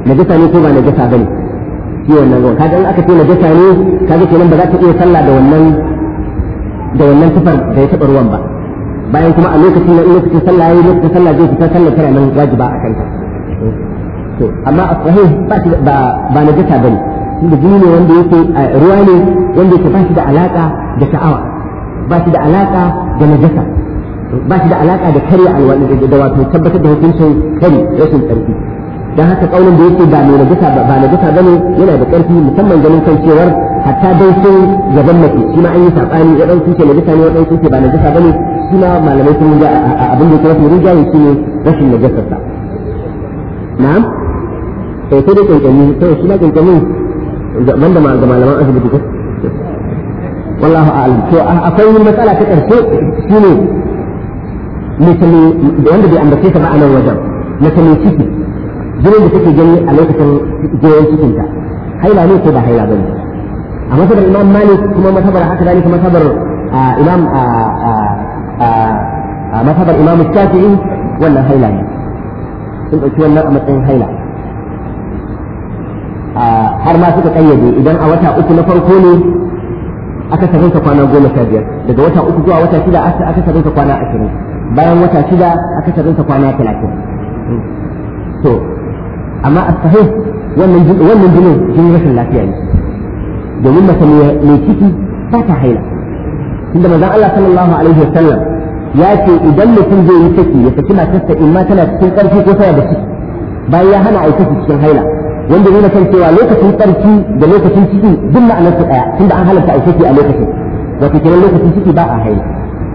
najasa ne ko ba najasa bane shi wannan ruwan kaga in aka ce najasa ne kaga kenan ba za ta iya sallah da wannan da wannan tufar da ya taɓa ruwan ba bayan kuma a lokacin na lokacin sallah yayi lokacin sallah zai fita sallah tana nan wajiba a kanta to amma a sahih ba ba ba najasa bane tunda jini ne wanda yake ruwa ne wanda yake ba shi da alaka da sha'awa ba shi da alaka da najasa ba shi da alaka da karya alwala da wato tabbatar da hukuncin kari rashin tsarki da haka kaulin da yake ba mai najasa ba najasa bane yana da karfi musamman ganin kai cewar hatta dai sun gaban mace shi ma an yi sabani ya dauki ce najasa ne ya dauki ce ba najasa bane shi ma malamai sun ga abin da yake wasu rijayi shi ne rashin najasa sa na'am eh, sai sai da kankani sai shi ma kankani ga malaman asibiti ko wallahu a'lam to akwai matsala ta karshe shine mutum da wanda bai ambace ta ba a nan wajen mutum ciki jinin da take gani a lokacin goyon ta haila ne ko ba haila ba ne a masabar imam malik kuma masabar haka da kuma masabar imam masabar imam shafi'i wannan haila ne sun ɗauki wannan a matsayin haila har ma suka kayyade idan a wata uku na farko ne aka sabon ka kwana goma sha biyar daga wata uku zuwa wata shida aka sabon ka kwana ashirin bayan wata shida aka sabon ka kwana talatin to amma a sahih wannan jinin jinin rashin lafiya ne domin mace mai ciki ba ta haila tunda manzon Allah sallallahu alaihi wasallam ya ce idan mutum zai yi saki ya saki matarsa in ma tana cikin ƙarfi ko tana da ciki bayan ya hana aikata cikin haila wanda nuna kan cewa lokacin ƙarfi da lokacin ciki duk ma'anar su ɗaya tunda an halatta aikata a lokacin wato kenan lokacin ciki ba a haila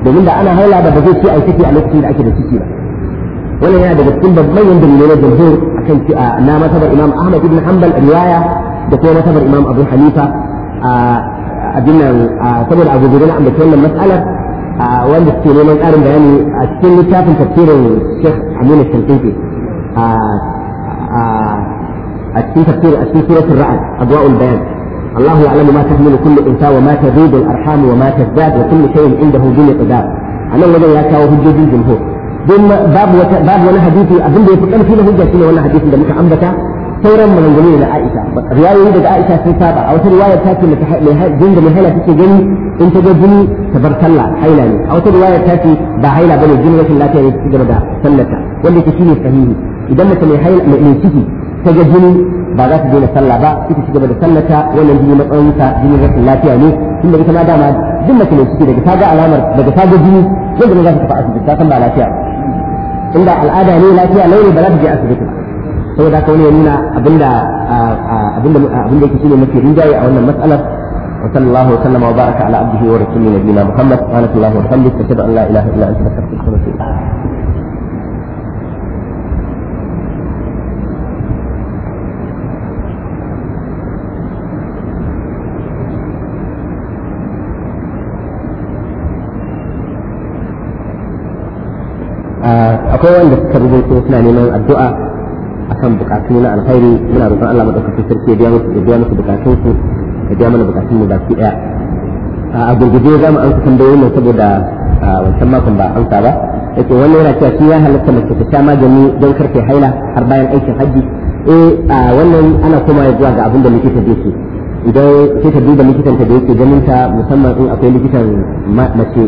domin da ana haila da ba zai ce aikata a lokacin da ake da ciki ba wannan yana daga cikin babban yanda ne na jumhur akan na masabar imam ahmad ibn hanbal riwaya da kuma masabar imam abu hanifa a dinnan saboda abu gudu na ambaci wannan mas'alar wanda suke neman ƙarin bayani a cikin littafin tafsirin sheikh aminu shantinki a cikin tafsir a cikin suratul ra'd adwa'ul bayan الله يعلم ما تحمل كل انثى وما تزيد الارحام وما تزداد وكل شيء عنده بمقدار. انا الذي لا كاوه الجمهور don babu wani hadisi abin da yafi karfi na hujja shine wannan hadisin da muka ambata sauran maganganu ne na Aisha riwayoyi daga Aisha sun saba a wata riwaya ta ce jin da mai haila take gani in ta ga jini ta bar sallah haila ne a wata riwaya ta ce ba haila bane jini rashin lafiya ne ci gaba da sallata wanda ke shine sahihi idan mace mai haila mai ciki ta ga jini ba za ta daina sallah ba ita ci gaba da sallata wannan jini matsayin sa jini rashin lafiya ne tunda ita ma dama duk mace mai ciki daga ta ga alamar daga ta ga jini yadda ne za ta tafi asibiti ta san ba lafiya inda al'ada ne lafiya laure ba za ta je asibiti ba sai da wani ya nuna abinda abinda abinda yake shine mafi rinjaye a wannan matsalar wa sallallahu sallama wa baraka ala abdihi wa rasulihi nabiyina muhammad subhanahu wa ta'ala wa hamdihi an la ilaha illa anta astaghfiruka wa atubu ilaik uh, akwai wanda suka rubuto suna neman addu'a akan bukatu na alkhairi muna roƙon Allah madaukakin sarki ya biya musu ya biya musu bukatun su ya biya mana bukatun mu baki daya a gurguje za mu amsa tambayoyi ne saboda wancan makon ba amsa ba yake wannan yana cewa shi ya halatta mace ta sha magani don karfe haila har bayan aikin hajji eh wannan ana komawa zuwa ga abin da muke zai ce idan sai ka duba likitan ka da yake ganin ta musamman in akwai likitan mace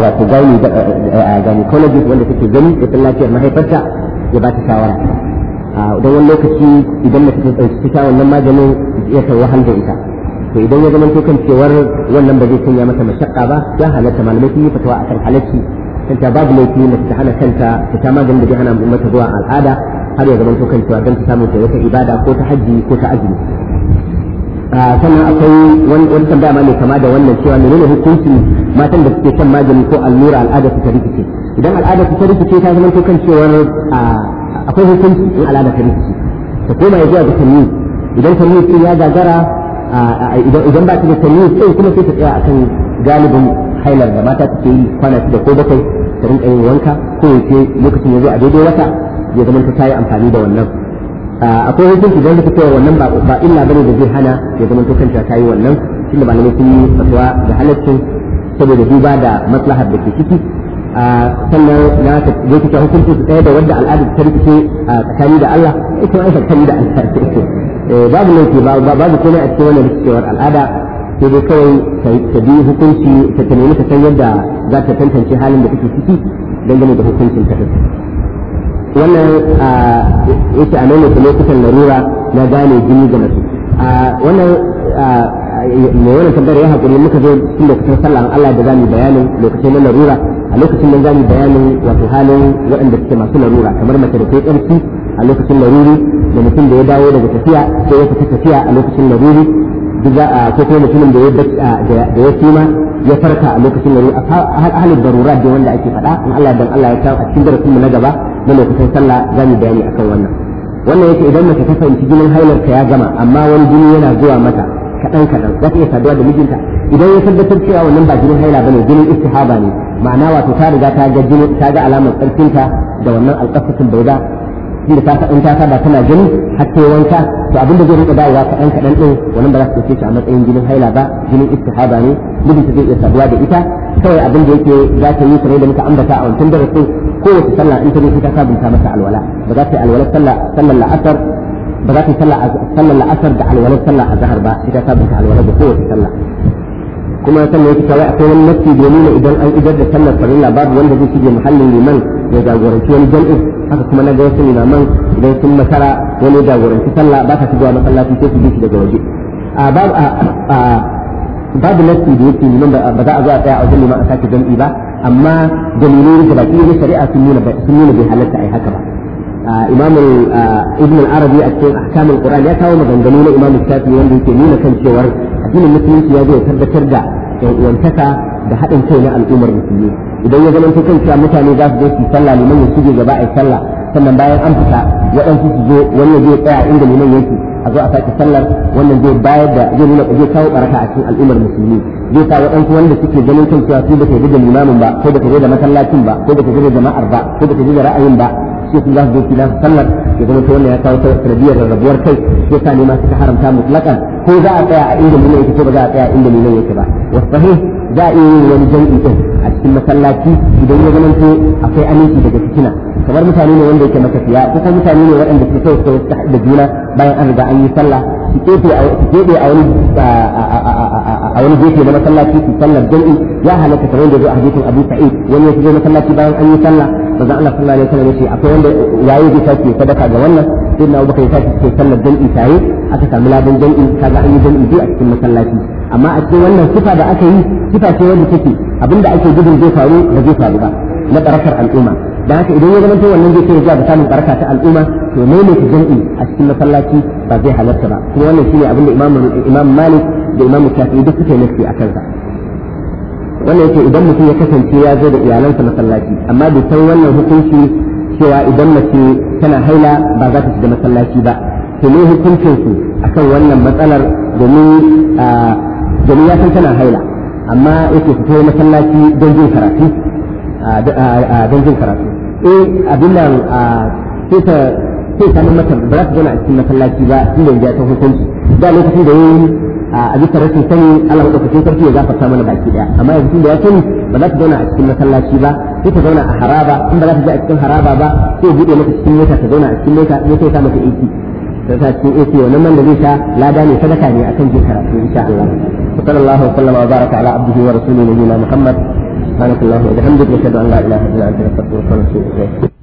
wato gauni gynecologist wanda take gani da san lafiyar mahaifarta ya ba ta shawara don wani lokaci idan mace ta ɗauki ta wannan maganin ya ta wahal ita to idan ya zamanto kan cewar wannan ba zai sanya mata mashakka ba ya halatta malamai sun yi fatawa kan halacci kanta babu laifi mace ta hana kanta ta ta maganin da zai hana mata zuwa al'ada har ya zamanto kan cewa don ta samu ta wata ibada ko ta hajji ko ta azumi Ah, sannan akwai wani wani tambaya ma mai kama da wannan cewa menene hukuncin matan da suke shan magani ko allura al'ada su ta rikice idan al'ada su ta rikice ta zama to kan cewar ah, akwai hukunci in al'ada ta rikice ta koma ya zuwa ga tanyi idan tanyi sun ya gagara ah, idan ba ta da tanyi din kuma sai ta tsaya akan galibin hailar da mata take yi kwana da ko bakwai ta rinka yin wanka ko yace lokacin ya zo a daidai wata ya zama ta yi amfani da wannan Ah, akwai hukunci da suka cewa wannan ba ba illa bane da zai hana ya zama to kanta tayi wannan tunda ba sun yi fatwa da halaccin saboda duba da maslahar da ke ciki ah, sannan na ta zai ta hukunci su tsaye da wanda al'ada ta rikice a ah, tsakani da Allah ita ma tsakani da Allah eh, babu laifi babu komai a cikin wannan rikicewar al'ada sai dai kawai ta bi hukunci ta nemi ta san yadda za ta tantance halin da take ciki dangane da hukuncin ta wannan yake a nuna ta lokutan larura na gane jini ga masu wannan mai wannan tabbara ya haƙuri muka zo cikin lokacin sallah Allah da zamu bayanin lokacin na larura a lokacin nan zamu bayanin wato halin waɗanda suke masu larura kamar mace da kai ƙarfi a lokacin laruri da mutum da ya dawo daga tafiya ko ya fita tafiya a lokacin laruri duk ko kuma mutumin da ya da ya ya farka a lokacin gari ahalin darura da wanda ake faɗa in Allah dan Allah ya kawo a cikin darasin mu na gaba na lokacin sallah za mu bayani akan wannan wannan yake idan mace ta fahimci jinin hailar ka ya gama amma wani jini yana zuwa mata kaɗan kaɗan za ta iya saduwa da mijinta idan ya tabbatar cewa wannan ba jinin haila bane jinin istihaba ne ma'ana wato ta riga ta ga jini ta ga alamar ƙarfinta da wannan alƙasatin bauda tunda ta in ta saba tana gani har sai wanka to abinda zai rika dawowa kaɗan kaɗan ɗin wannan ba za su ɗauke shi a matsayin jinin haila ba jinin istihaba ne mijin ta zai iya saduwa da ita kawai abin da yake za ta yi kare da muka ambata a wancan darasin kowace sallah in ta zo ta sabunta masa alwala ba za ta yi alwala sallah sallar la'asar ba za ta yi sallar la'asar da alwala sallah a zahar ba ita sabunta alwala da kowace sallah kuma ta yake cewa akwai wani nafi domin idan an idar da sallar farilla babu wanda zai shige muhallin liman ya jagoranci wani jam'i haka kuma na ga wasu limaman idan sun masara wani jagoranci sallah ba ka shigowa masallaci sai su bi shi daga waje a babu babu nafi da yake liman ba za a zo a tsaya a wajen liman a sake jam'i ba amma dalilai da baki ne shari'a sun nuna bai halatta yi haka ba imam ibn arabi a cikin ahkamul qur'an ya kawo maganganu na imam shafi wanda yake nuna kan cewar addinin musulunci ya zo ya tabbatar da yan uwantaka da haɗin kai na al'ummar musulmi idan ya zama kan cewa mutane za su je su sallah liman ya shige gaba a sallah sannan bayan an fita waɗansu su zo wannan zai tsaya inda liman yake a zo a sake sallar wannan zai bayar da zai nuna zai kawo a cikin al'ummar musulmi zai sa waɗansu wanda suke ganin kan cewa su ba ta da limamin ba ko ba ta da masallacin ba ko ba ta da jama'ar ba ko ba ta da ra'ayin ba shi kuma za su zo su nasu sallar ya zama ta wannan ya kawo sanadiyar rarrabuwar kai shi yasa ne ma suka haramta mutlaqan ko za a tsaya a inda liman yake ko ba za a tsaya a inda liman yake ba wa sahih za a iya yin wani jam'i din a cikin masallaci idan ya zama akwai aminci daga fitina kamar mutane ne wanda yake matafiya ko kuma mutane ne waɗanda ke kai su ta da juna bayan an riga an yi sallah su kefe a wani a wani gefe na masallaci su sallar jam'i ya halatta kamar da zo a hadisin Abu Sa'id wani ya zo masallaci bayan an yi sallah manzo Allah sallallahu alaihi wasallam yace akwai wanda yayi zai sake sadaka ga wannan sai na Abubakar ya sake ke sallar jami'i tare aka samu ladan jami'i kaga an yi jami'i biyu a cikin masallaci amma a cikin wannan sifa da aka yi sifa ce wanda take abinda ake gudun zai faru ba zai faru ba na barakar al'umma da haka idan ya zamanto wannan zai kai da samun baraka ta al'umma to ne ne jami'i a cikin masallaci ba zai halarta ba kuma wannan shine abinda Imam Imam Malik da Imam Shafi'i duk suke nufi a sa wannan yake idan mutum ya kasance ya zo da iyalansa masallaci amma bai san wannan hukunci cewa idan mace tana haila ba za ta shiga masallaci ba to ne hukuncin su akan wannan matsalar domin domin ya san tana haila amma yake fito masallaci don jin karatu don jin karatu eh abin nan sai ta sai ta mata ba za ta zauna a cikin masallaci ba tun da ya san hukunci da lokacin da yayin a bisa rashin sani Allah madaukakin sarki ya gafarta mana baki daya amma yanzu da ya sani ba za ta zauna a cikin masallaci ba sai ta zauna a haraba in ba za ta je a cikin haraba ba sai bude mata cikin mota ta zauna a cikin mota ne sai ta mata AC ta ta cikin AC wannan man da zai sha lada ne sadaka ne akan je karatu insha Allah sallallahu alaihi wa sallam wa baraka ala abdihi wa rasulihi nabiyina Muhammad سبحانك اللهم